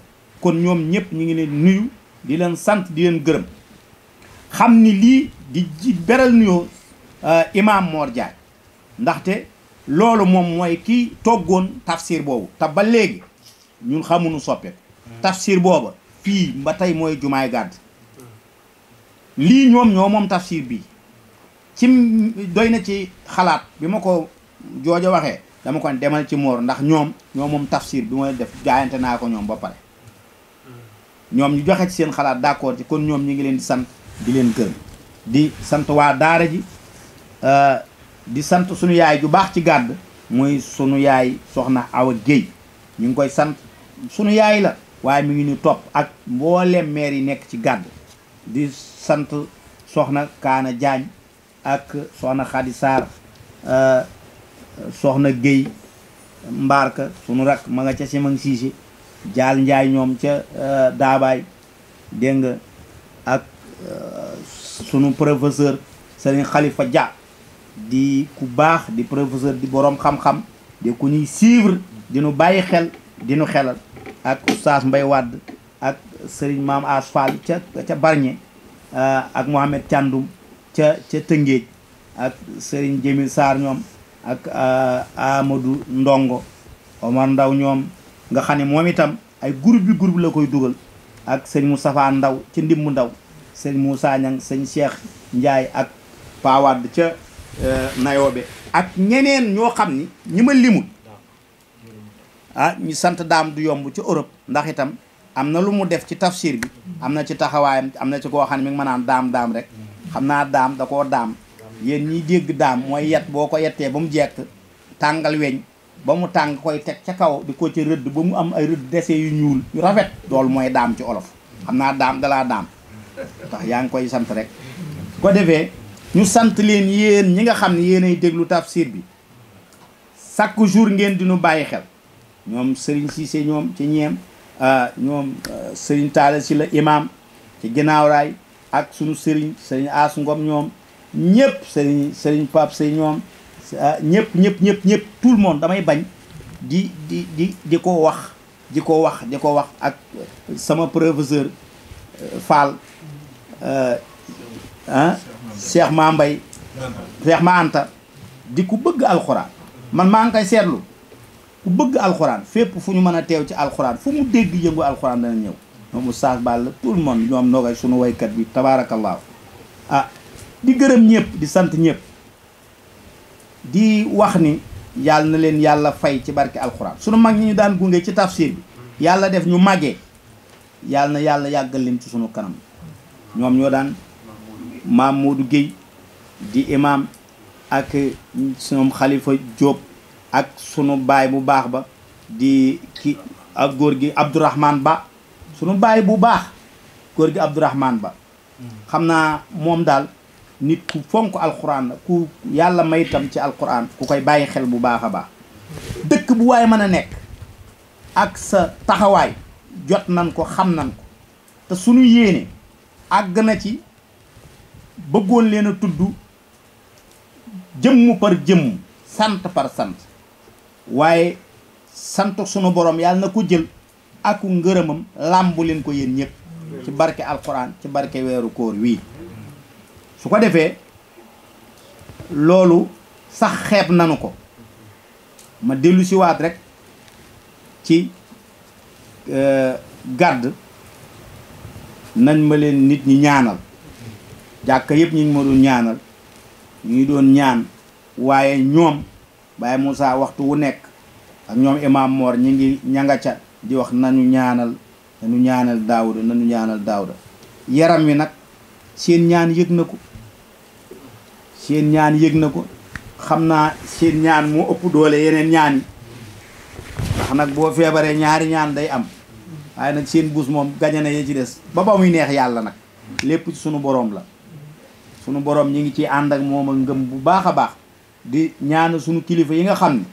kon ñoom ñëpp ñu ngi leen nuyu di leen sant di leen gërëm xam ni lii di ji beral nuyoo euh, imaam Mor Diagne ndaxte loolu moom mooy kii toggoon tafsir boobu te ba léegi ñun xamuñu soppeeku. Hmm. tafsir booba fii ba tey mooy jumaay gàdd lii ñoom ñoo moom tafsir bi ci doy na ci xalaat bi ma ko jooja waxee dama ko demal ci moor ndax ñoom ñoo moom tafsir bi mooy def jaayante naa ko ñoom ba pare ñoom ñu joxe ci seen xalaat d'accord ci kon ñoom ñu ngi leen di sant di leen gërëm di sant waa daara ji euh, di sant suñu yaay ju baax ci gàdd muy sunu yaay soxna Awa Guèye ñu ngi koy sant sunu yaay la waaye mi ngi ñu topp ak mboolem maire yi nekk ci gàdd di sant soxna Kaana Diagne ak soxna Khady Sarr euh, soxna Guèye Mbarka sunu rak ma nga ca Semang Cissé jaal njaay ñoom ca euh, daabaay dégg nga ak euh, sunu professeur Serigne xalifa Dia di ku baax di professeur di boroom xam-xam di ku ñuy suivre di nu bàyyi xel di nu xelal ak oustaz Mbay Wàdd ak Serigne Maam As Fall ca ca Barñe euh, ak Mohamed Thiandoum ca ca Tëngéej ak Serigne Jëmil Sarr ñoom ak Amadou Ndongo Omar Ndaw ñoom nga xane mom itam ay groupe bi groupe la koy dugal ak serigne Moustapha Ndaw ci ndimbu Ndaw serigne Moussa ñang serigne Cheikh Ndiaye ak Pawad ci euh, Nayobe ak ñeneen ño xamni ni ñi limul ah ñu sant dam du yomb ci Europe ndax itam am na lu mu def ci tafsir bi am na ci taxawaayam am na ci ko xamni mi ngi ma dam rek xamna dam da ko dam yen ñi deg dam moy yat boko ko yettee ba mu weñ ba mu tàng koy teg ca kaw di ko ci rëdd ba mu am ay rëdd dese yu ñuul yu rafet loolu mooy daam ci olof xam naa daam dalaa daam tax yaa ngi koy sant rek ko defee ñu sant leen yéen ñi nga xam ne yéen ay déglu tafsir bi chaque jour ngeen di nu bàyyi xel ñoom Serigne Cissé ñoom ci ñeem euh, ñoom euh, Serigne taale si la imam ci ginnaaw raay ak sunu Serigne Serigne As Ngom ñoom ñëpp Serigne Serigne Pape Sey ñoom Ah, ñëpp ñëpp ñëpp ñëpp tout le monde damay bañ di di di di ko wax di ko wax di ko wax ak sama professeur euh, Fall ah Cheikh Ma Mbay Cheikh Ma Anta di ku bëgg alxuraan man maa ngi koy seetlu ku bëgg alxuraan fépp fu ñu mën a teew ci alxuraan fu mu dégg yëngu alxuraan dana ñëw ñoom Oustaz Balla tout le monde ñoom nogay sunu woykat bi tabaarakallaahu ah di gërëm ñëpp di sant ñëpp di wax ni yàlla na leen yàlla fay ci barke alxuraan sunu mag ñi ñu daan gunge ci tafsir bi yàlla def ñu màggee yàlla na yàlla yàggal leen ci sunu kanam ñoom ñoo daan maam Modou Guèye di imam ak sunu xalifa Diop ak sunu baay bu baax ba di ki ak góor gi Abdourahman Ba sunu baay bu baax góor gi Abdourahman Ba hmm. xam naa moom daal nit ku fonk alxuraan la ku yàlla may itam ci alxuraan ku koy bàyyi xel bu baax a baax dëkk bu waaye mën a nekk ak sa taxawaay jot nan ko xam nan ko te sunu yéene àgg na ci bëggoon leen a tudd jëmm par jëmm sant par sant waaye sant sunu boroom yàlla na ko jël aku ngërëmam làmbu leen ko yéen ñëpp ci barke alxuraan ci barke weeru koor wii su ko defee loolu sax xeeb nanu ko ma dellu si waat rek ci euh, gàdd nañ ma leen nit ñi ñaanal jàkka yëpp ñu ngi ma doon ñaanal ñu doon ñaan waaye ñoom Baye Moussa waxtu wu nekk ak ñoom Imam Mor ñi ngi ñanga ca di wax nañu ñaanal nañu ñaanal Daawuda nañu ñaanal Daawuda yaram wi nag seen ñaan yëg na ko seen ñaan yëg na ko xam naa seen ñaan moo ëpp doole yeneen ñaan yi ndax nag boo feebaree ñaari ñaan day am waaye nag seen buus moom gañe na yee ci des ba ba muy neex yàlla nag lépp ci sunu boroom la sunu boroom ñi ngi ci ànd ak moom ak ngëm bu baax a baax di ñaan sunu kilifa yi nga xam ne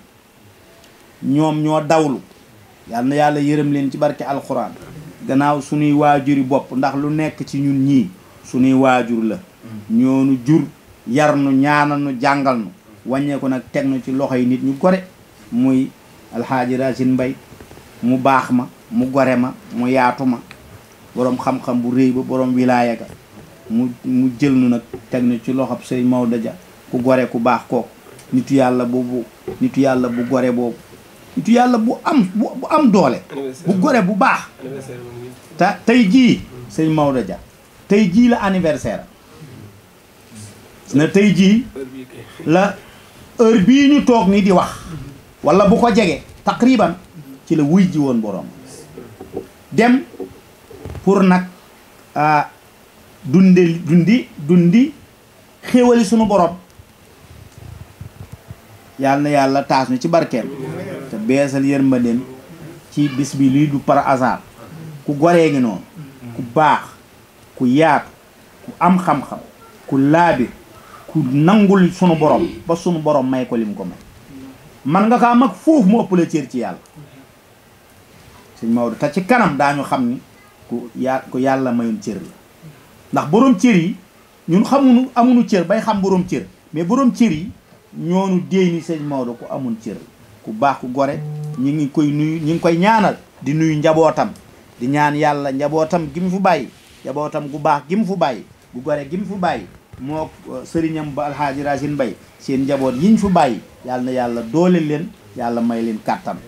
ñoom ñoo dawlu yal na yàlla yërëm leen ci barke alxuraan gannaaw sunuy waajuri bopp ndax lu nekk ci ñun ñii sunuy waajur la ñoonu jur yar nu ñaanal nu jàngal nu wàññeeku nag teg nu ci loxo yi nit ñu gore muy alxaaji Racine Mbaye mu baax ma mu gore ma mu yaatu ma boroom xam-xam bu rëy ba boroom wilaaya ga mu mu jël nu nag teg nu ci loxob sëriñ Maodo Ja ku gore ku baax kooku nitu yàlla boobu nitu yàlla bu gore boobu nitu yàlla bu am bu am doole bu gore bu baax te tey jii sëriñ Maodo Ja tey jii la anniversaire na tey jii la heure bii ñu toog ni di wax wala bu ko jege taqriban ci la wuy ji woon borom dem pour nag dunde dundi dundi xéewali sunu borom yàlla na yàlla taas ñu ci barkeel te beesal yërmandeem ci bis bi lii du par hasard ku goree ngi noonu ku baax ku yaatu ku am xam-xam ku laabi ku nangul sunu borom ba sunu borom may ko lim ko may man nga kaa mag foofu mu ëpp la cër ci yàlla sëñ Maodo te ci kanam daañu xam ni ku ya ku yàlla mayum cër la ndax borom cër yi ñun xamuñu amuñu cër bay xam borom cër mais borom cër yi ñoonu déey ni sëñ Maodo ku amul cër ku baax ku gore ñu ngi koy nuyu ñu ngi koy ñaanal di nuyu njabootam di ñaan yàlla njabootam gi mu fu bàyyi njabootam gu baax gi mu fu bàyyi gu gore gim fu bàyyi moo sëriñam ba alxaaji Racine Mbaye seen njaboot yiñ fi bàyyi yàlla na yàlla doole leen yàlla may leen kàttan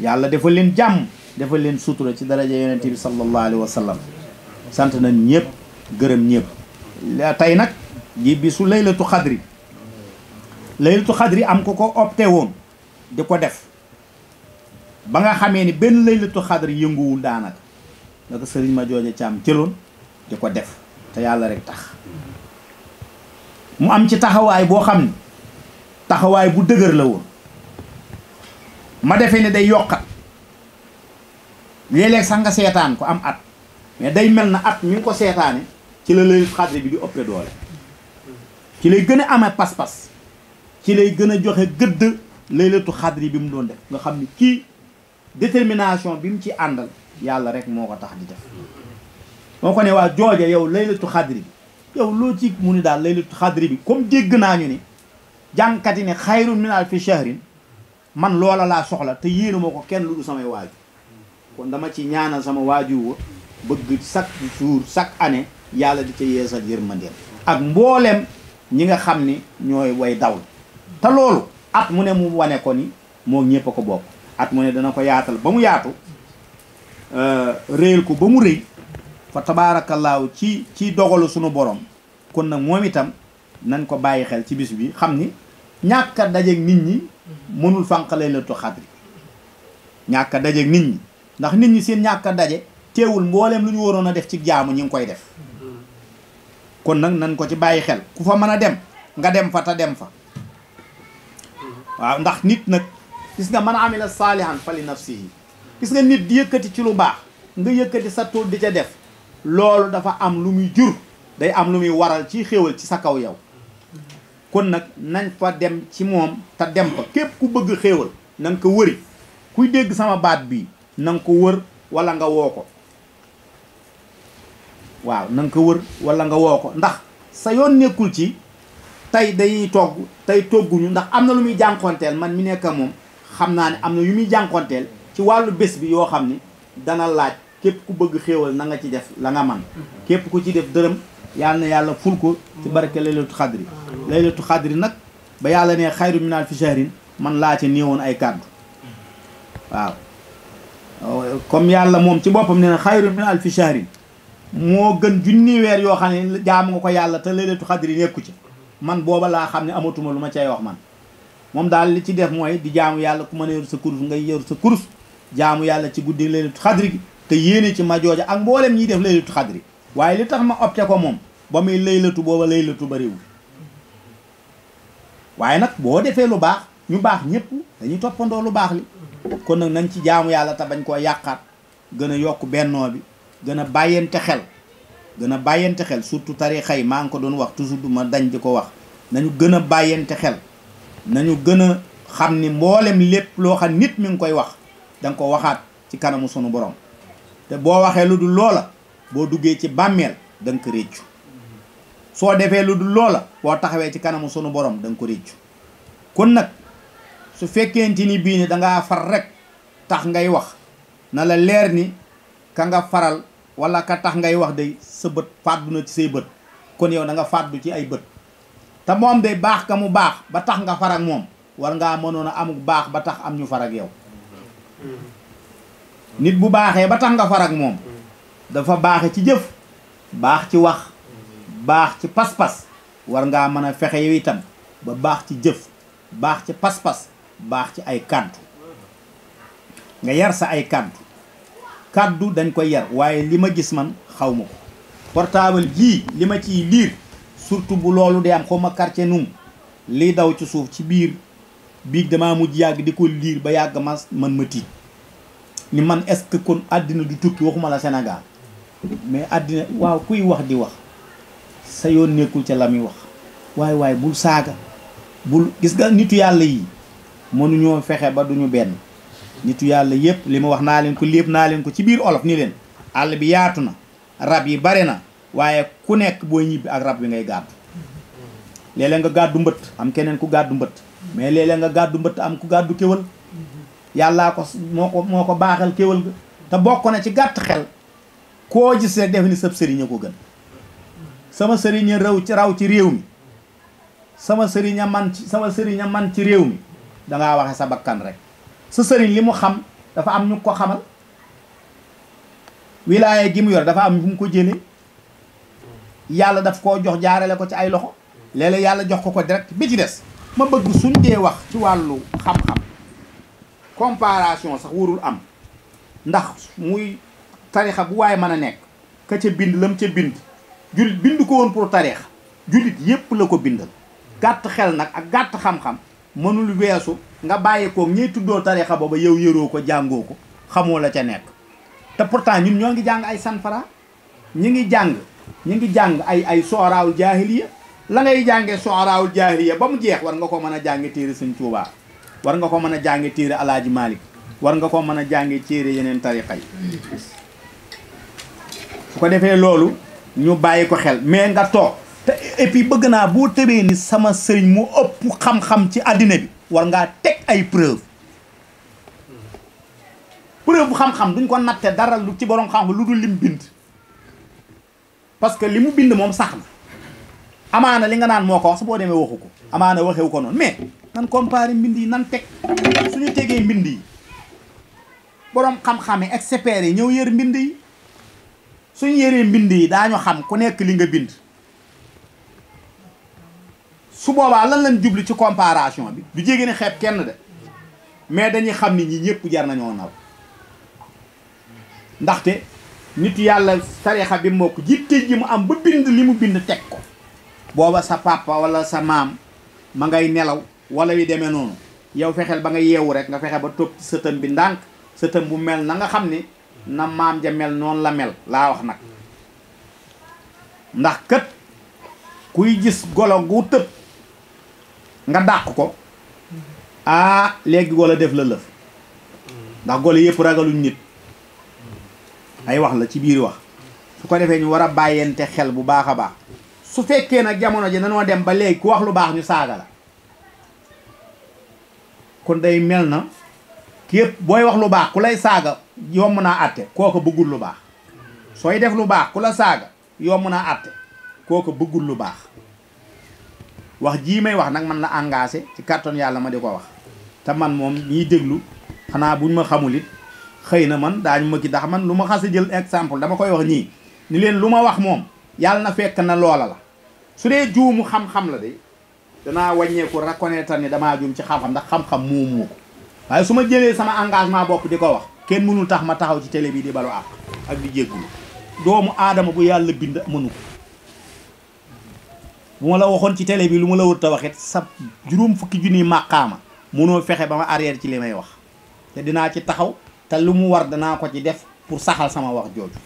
yàlla dafa leen jàmm dafa leen sutura ci daraja yonent bi sallallahu alayhi wa sant na ñëpp gërëm ñëpp tey nag ji bi su laylatu xadri laylatu xadri am ko ko opté woon di ko def ba nga xamee ni benn laylatu xadri yënguwul daanaka naka sëriñ ma jooja am jëloon di ko def yàlla rek tax mu am ci taxawaay boo xam ne taxawaay bu dëgër la woon ma defe ne day yokkat léeg-léeg sax nga seetaan ko am at mais day mel na at mi ngi ko seetaane ci la lay xadri bi di ëppee doole ci lay gën a amee pas-pas ci lay gën a joxe gëdd laylatu xadri bi mu doon def nga xam ni kii détermination bi mu ci àndal yàlla rek moo ko tax di def moo ko ne waa jooja yow laylatu xadri bi yow loo ci mu ni daal laylatu xadri bi comme dégg naa ñu ne jànkati ne xayrun min alfi shahrin man loola laa soxla te yéenu ma ko kenn lu du samay waaju kon dama ci ñaanal sama waaju wa bëgg chaque jour chaque année yàlla di ca yeesal yërmandeem ak mboolem ñi nga xam ni ñooy way dawl te loolu at mu ne mu wane ko ni moom ñëpp a ko bokk at mu ne dana ko yaatal ba mu yaatu réel ko ba mu rëy fa tabaarakallaahu ci ci dogalu suñu borom kon nag moom itam nañ ko bàyyi xel ci bis bi xam ni ñàkk a nit ñi mënul fànq laylatul xadri ñàkk a dajeeg nit ñi ndax nit ñi seen ñàkk a daje teewul mbooleem lu ñu waroon a def ci jaamu ñi ngi koy def kon nag nañ ko ci bàyyi xel ku fa mën a dem nga dem fa te dem fa waaw ndax nit nag gis nga man la saalihan fa li nafsihi gis nga nit di yëkkati ci lu baax nga yëkkati sa tool di ca def loolu dafa am lu muy jur day am lu muy waral ci xéewal ci sa kaw yow kon nag nañ fa dem ci moom te dem fa képp ku bëgg xéewal na nga ko wëri kuy dégg sama baat bi na nga ko wër walla nga woo ko waaw na ko wër wala nga woo ko ndax sa yoon nekkul ci tey dañuy togg tey togguñu ndax am na lu muy jànkonteel man mi nekk moom xam naa ne am na yu muy jànkonteel ci wàllu bés bi yoo xam ni dana laaj képp ku bëgg xéewal nanga nga ci def langa man képp ku ci def dërëm yal na yàlla ful ko ci barke laylatu xadri laylatu xadri nag ba yàlla ne xayru minal fi shahrin man laa ci néewoon ay kàddu waaw comme yàlla moom ci boppam nee na xayru minal fi shahrin moo gën junni weer yoo xam ne jaamu nga ko yàlla te laylatu xadri nekku ci man booba laa xam ne amatuma lu ma cay wax man moom daal li ci def mooy di jaamu yàlla ku mën a yor sa kurus ngay yor sa kurus jaamu yàlla ci guddi laylatu xadri gi te yéene ci ma jooja ak mboolem ñiy def laylatu xadri waaye li tax ma opté ko moom ba muy laylatu booba laylatu bariwul waaye nag boo defee lu baax ñu baax ñëpp dañuy toppandoo lu baax li kon nag nañ ci jaamu yàlla te bañ koo yàqaat gën a yokk bennoo bi gën a bàyyante xel gën a bàyyante xel surtout tarixa yi maa ngi ko doon wax toujours du ma dañ di ko wax nañu gën a bàyyante xel nañu gën a xam ni mboolem lépp loo xam nit mu ngi koy wax danga nga ko waxaat ci kanamu sunu borom te bo waxe luddul lola bo duggé ci bammel dang ko reccu so defee luddul lola bo taxawé ci kanamu sunu borom dang ko reccu kon nak su fekkente ni bii ni dangaa far rek tax ngay wax na la lèr ni ka nga faral wala ka tax ngay wax day se beut faddu na ci sey beut kon yow da nga faddu ci ay bët te mom, day bax kamu bax ba tax nga far ak mom war nga mënon ba tax am ñu far ak yow nit bu baaxee ba tax nga far ak moom mm. dafa baaxe ci jëf baax ci wax baax ci pas-pas war ngaa mën a fexe itam ba baax ci jëf baax ci pas baax ci ay kàddu nga yar sa ay kàddu kàddu dañ koy yar waaye li ma gis man xaw ma ko portable jii li ma ciy liir surtout bu loolu dee am xaw ma quartier num li daw ci suuf ci biir biig dama mujj yàgg di ko liir ba yàgg ma man ma tiit ni man est-ce que kon àddina du tukki waxuma la Sénégal mais àddina waaw kuy wax di wax sa yoon nekkul ca la muy wax waaye waaye bul saaga bul gis nga nitu yàlla yi mënuñoo fexe ba du ñu benn nitu yàlla yépp li ma wax naa leen ko lépp naa leen ko ci biir olof ni leen àll bi yaatu na rab yi bare na waaye ku nekk booy ñibbi ak rab bi ngay gàddu léeg nga gàddu mbëtt am keneen ku gàddu mbëtt mais léeg nga gàddu mbëtt am ku gàddu kéwal yàllaa ko moo ko moo ko baaxal kéwal ga te bokk na ci gàtt xel koo gis rek def ni sab sëriñ a ko gën sama sëriñ a raw ci raw ci réew mi sama sëriñ a man ci sama sëriñ man ci réew mi dangaa waxe sa bakkan rek sa sëriñ li mu xam dafa am ñu ko xamal wilaaya gi yor dafa am fu mu ko jëlee yàlla daf koo jox jaarale ko ci ay loxo léeg yàlla jox ko ko direct bi ci des ma bëgg suñ dee wax ci wàllu xam-xam comparation sax warul am ndax muy tarixa bu waaye mën a nekk ka ca bind lam ca bind jullit bind ko woon pour tarixa jullit yépp la ko bindal gàtt xel nag ak gàtt xam-xam mënul weesu nga bàyyi ko ñiy tuddoo tarixa booba yow yëroo ko jàngoo ko xamoo la ca nekk te pourtant ñun ñoo ngi jàng ay sanfara ñu ngi jàng ñu ngi jàng ay ay soraawul jaahiliya la ngay jàngee soraawul jaahiliya ba mu jeex war nga ko mën a jànge téere Sëñ Tuubaa war nga ko mën a jànge téere alaaji Malick war nga ko mën a jànge téere yeneen tariqa yi su ko defee loolu ñu bàyyi ko xel mais nga toog te et bëgg naa boo tëbee ni sama sëriñ mu ëpp xam-xam ci àddina bi war ngaa teg ay preuve preuve xam-xam duñ ko natte dara lu ci borom xam lu dul lim bind parce que li mu bind moom sax na amaana li nga naan moo ko wax su boo demee waxu ko amaana waxewu ko noonu mais nan comparé mbind yi nan teg suñu tegee mbind yi boroom xam-xam yi experts yi ñëw yër mbind yi suñ yëree mbind yi daañu xam ku nekk li nga bind su boobaa lan lañ jublu ci comparation bi du jege ne xeeb kenn de mais dañuy xam ni ñi ñëpp jar nañoo naw ndaxte nit yàlla tarixa bi mbokk ko jitte mu am ba bind li mu bind teg ko booba sa papa wala sa maam ma ngay nelaw wala wi demee non yow fexel ba nga yewu rek nga fexé ba topp seutum bi ndank seutum bu mel na nga xamni na maam ja mel non la mel la wax nak ndax kat kuy gis golo gu tepp nga dakk ko ah legi golo def la leuf ndax golo yëpp ragalu nit ay wax la ci biir wax su ko defé ñu wara a xel bu baaxa baax su fekkee nak jamono ji nañu dem ba léegi ku wax lu baax ñu saga la kon day mel na képp booy wax lu baax ku lay saaga yomb naa àtte kooka bëggul lu baax sooy def lu baax ku la saaga yomb naa àtte kooka bëggul lu baax wax jii may wax nag man la engage ci kàttan yàlla ma di ko wax te man moom ñiy déglu xanaa buñ ma xamul it xëy na man daañu ma ki ndax man lu ma xas jël exemple dama koy wax ñii ni leen lu ma wax moom yàlla na fekk na loola la su dee juumu xam-xam la de danaa wàññeeku reconnaître ni damaa jum ci xam-xam ndax xam-xam moomu ko waaye su ma jëlee sama engagement bopp di ko wax kenn mënul tax ma taxaw ci télé bii di balu àq ak di jéggulu doomu aadama bu yàlla bind mënu ko bu ma la waxoon ci tele bi lu ma la wër ta waxit sa juróom fukki junniy màqaama mënoo fexe ba ma arrière ci li may wax te dinaa ci taxaw te lu mu war danaa ko ci def pour saxal sama wax jooju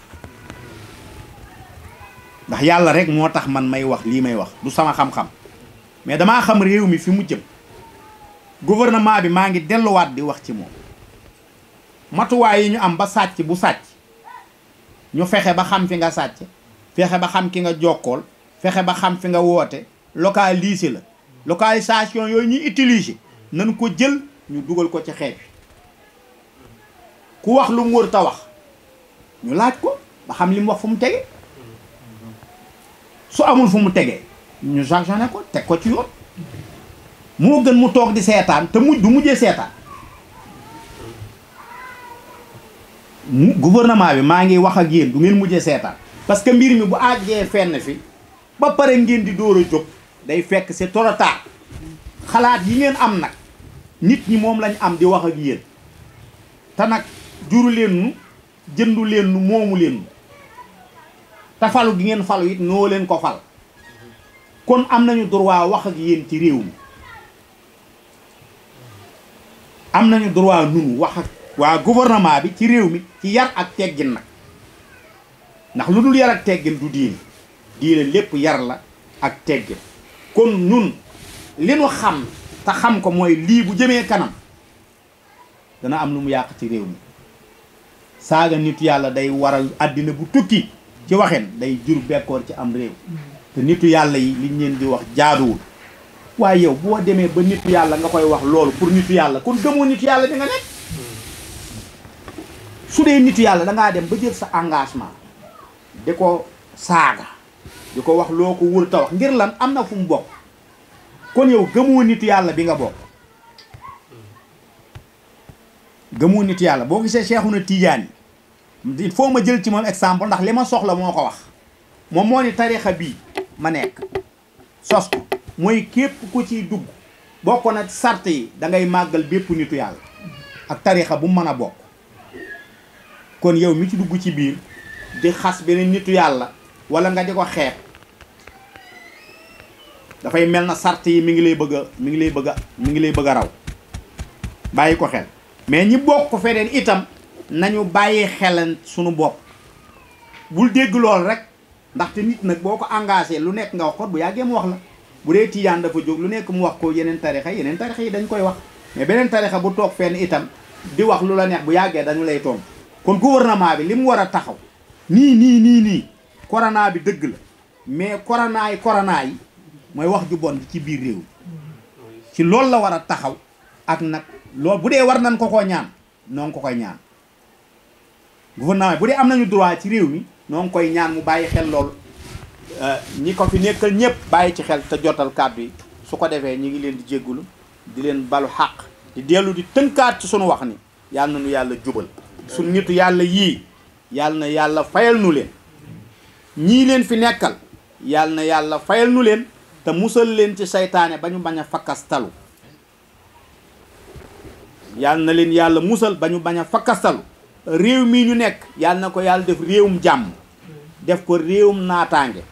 ndax yàlla rek moo tax man may wax lii may wax du sama xam mais damaa xam réew mi fi mu jëm gouvernement bi maa ngi delluwaat di wax ci moom matuwaay yi ñu am ba sàcc bu sàcc ñu fexe ba xam fi nga sàcc fexe ba xam ki nga jokkool fexe ba xam fi nga woote localiser la localisation yooyu ñuy utiliser nañ ko jël ñu dugal ko ci xeet ku wax lu mu wër wax ñu laaj ko ba xam li wax fu mu tege su amul fu mu tegee ñu sanctionné ko teg ko ci yoon mo gën mu tok di sétane te mujj du mujjé sétane gouvernement bi ma ngi wax ak yeen du ngeen mujjé sétane parce que mbir mi bu aggé fenn fi ba paré ngeen di dooro jog day fekk c'est trop tard xalaat yi ngeen am nak nit ñi mom lañ am di wax ak yeen ta nak juru leen nu jëndu leen nu momu leen nu falu gi ngeen falu it no leen ko fal kon am nañu droit wax ak yéen ci réew mi am nañu droit nunu wax ak waa gouvernement bi ci réew mi ci yar ak teggin nag ndax lu dul yar ak teggin du diine diine lépp yar la ak teggin kon ñun li nu xam te xam ko mooy lii bu jëmee kanam dana am lu mu yàq ci réew mi saaga nit yàlla day waral àddina bu tukki ci waxin day jur bekkoor ci am réew te nitu yalla yi liñ leen di wax jaaduwul waaye yow boo demee ba nitu yalla nga koy wax loolu pour nitu yalla kon gëmoo nitu yalla bi nga nekk su dee nitu da dangaa dem ba jël sa engagement di ko saaga di ko wax loo ko wër ta wax ngir lan am na fu mu bokk kon yow gëmoo nitu yalla bi nga bokk gëmoo nitu yalla boo gisee cheikhuna tidiane il faut ma jël ci moom exemple ndax li ma soxla moo ko wax moom moo ni tarixa bii ma nekk sos ko mooy képp ku ciy dugg bokkoon ak sart yi da ngay màggal bépp nitu yàlla ak tarixa bu mën a bokk kon yow mi ci dugg ci biir di xas beneen nitu yàlla wala nga di ko xeeb dafay mel na sart yi mi ngi lay bëgg a mi ngi lay bëgg a mi ngi lay bëgg a raw bàyyi ko xel mais ñi bokk ko feneen itam nañu bàyyi xelan suñu bopp bul dégg lool rek ndaxte nit nag boo ko engagé lu nekk nga wax ko bu yàggee mu wax la bu dee tijaan dafa jóg lu nekk mu wax ko yeneen tarixa yeneen tarixa yi dañ koy wax mais beneen tarixa bu toog fenn itam di wax lu la neex bu yàggee dañu lay toom kon gouvernement bi li mu war a taxaw nii nii nii nii corona bi dëgg la mais corona yi corona yi mooy wax ju bon ci biir réew ci loolu la war a taxaw ak nag loolu bu dee war nañ ko ko ñaan noonu ko koy ñaan gouvernement bi am nañu droit ci réew mi noo koy ñaan mu bàyyi xel loolu euh, ñi ko fi nekkal ñëpp bàyyi ci xel te jotal kàddu yi su ko defee ñi ngi leen di jéggulu di leen balu xàq di dellu di tënkaat ci sunu wax ni yàlla na nu yàlla jubal sunu nitu yàlla yii yàlla na yàlla fayal nu leen ñii leen fi nekkal yàlla na yàlla fayal nu leen te musal leen ci seytaane ba ñu bañ a fakkastalu yàlla na leen yàlla musal ba ñu bañ a fakkastalu réew mii ñu nekk yàlla na ko yàlla def réewum jàmm def ko réewum naataange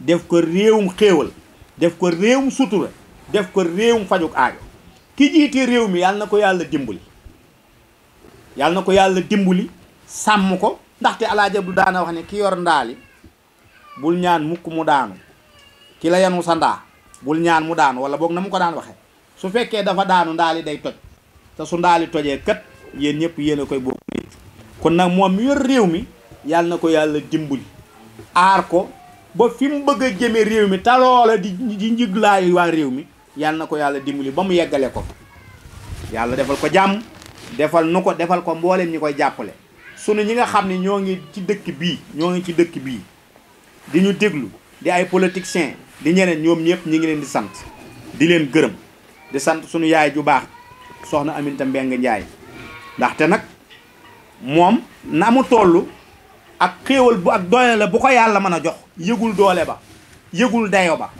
def ko réewum xéewal def ko réewum sutura def ko réewum fajuk aajo ki jiite réew mi yàlla na ko yàlla dimbali yàlla na ko yàlla dimbali sàmm ko ndaxte alaaji Abdu daana wax ne ki yor ndaali bul ñaan mukk mu daanu ki la yenu sa ndaa bul ñaan mu daanu wala boog na mu ko daan waxe su fekkee dafa daanu ndaali day toj te su ndaali tojee kat yéen ñëpp yéen a koy bokk kon nag moom mi yor réew mi yàlla na ko yàlla dimbali aar ko ba fi mu bëgg a jëmee réew mi te loola di di njiglaayu waa réew mi yàlla na ko yàlla dimbali ba mu yeggale ko yàlla defal ko jàmm defal nu ko defal ko mbooleem ñi koy jàppale sunu ñi nga xam ne ñoo ngi ci dëkk bii ñoo ngi ci dëkk bii di ñu déglu di ay politiciens di ñeneen ñoom ñëpp ñi ngi leen di sant di leen gërëm di sant sunu yaay ju baax soxna Aminata Mbengue Ndiaye ndaxte nag moom na mu toll ak xéewal bu ak doole la bu ko yàlla mën a jox yëgul doole ba yëgul dayo ba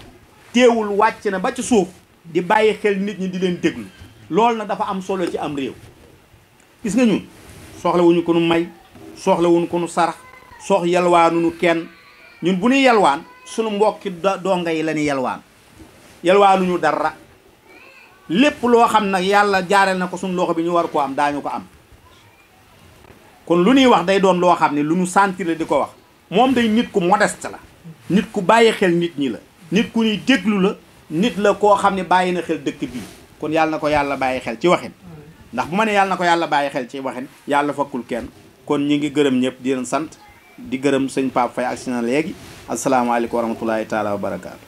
téewul wàcc na ba ci suuf di bàyyi xel nit ñi di leen déglu loolu nag dafa am solo ci am réew gis nga ñun soxla wuñu ko nu may soxla wuñu ko nu sarax sox yalwaanuñu kenn ñun bu ñuy yalwaan sunu mbokki donga yi la ñuy yalwaan ñu dara lépp loo xam nag yàlla jaareel na ko suñu loxo bi ñu war koo am daañu ko am kon lu ñuy wax day doon loo xam ne lu ñu sentir la di ko wax moom day nit ku modeste la nit ku bàyyi xel nit ñi la nit ku ñuy déglu la nit la koo xam ne bàyyi na xel dëkk bii kon yàlla na ko yàlla bàyyi xel ci waxin ndax bu ma ne yàlla ko yàlla bàyyi xel ci waxin yàlla fakkul kenn kon ñi ngi gërëm ñëpp di sant di gërëm sëñ Pape Faye ak na léegi asalaamaaleykum wa rahmatulahi taala wa barakaatu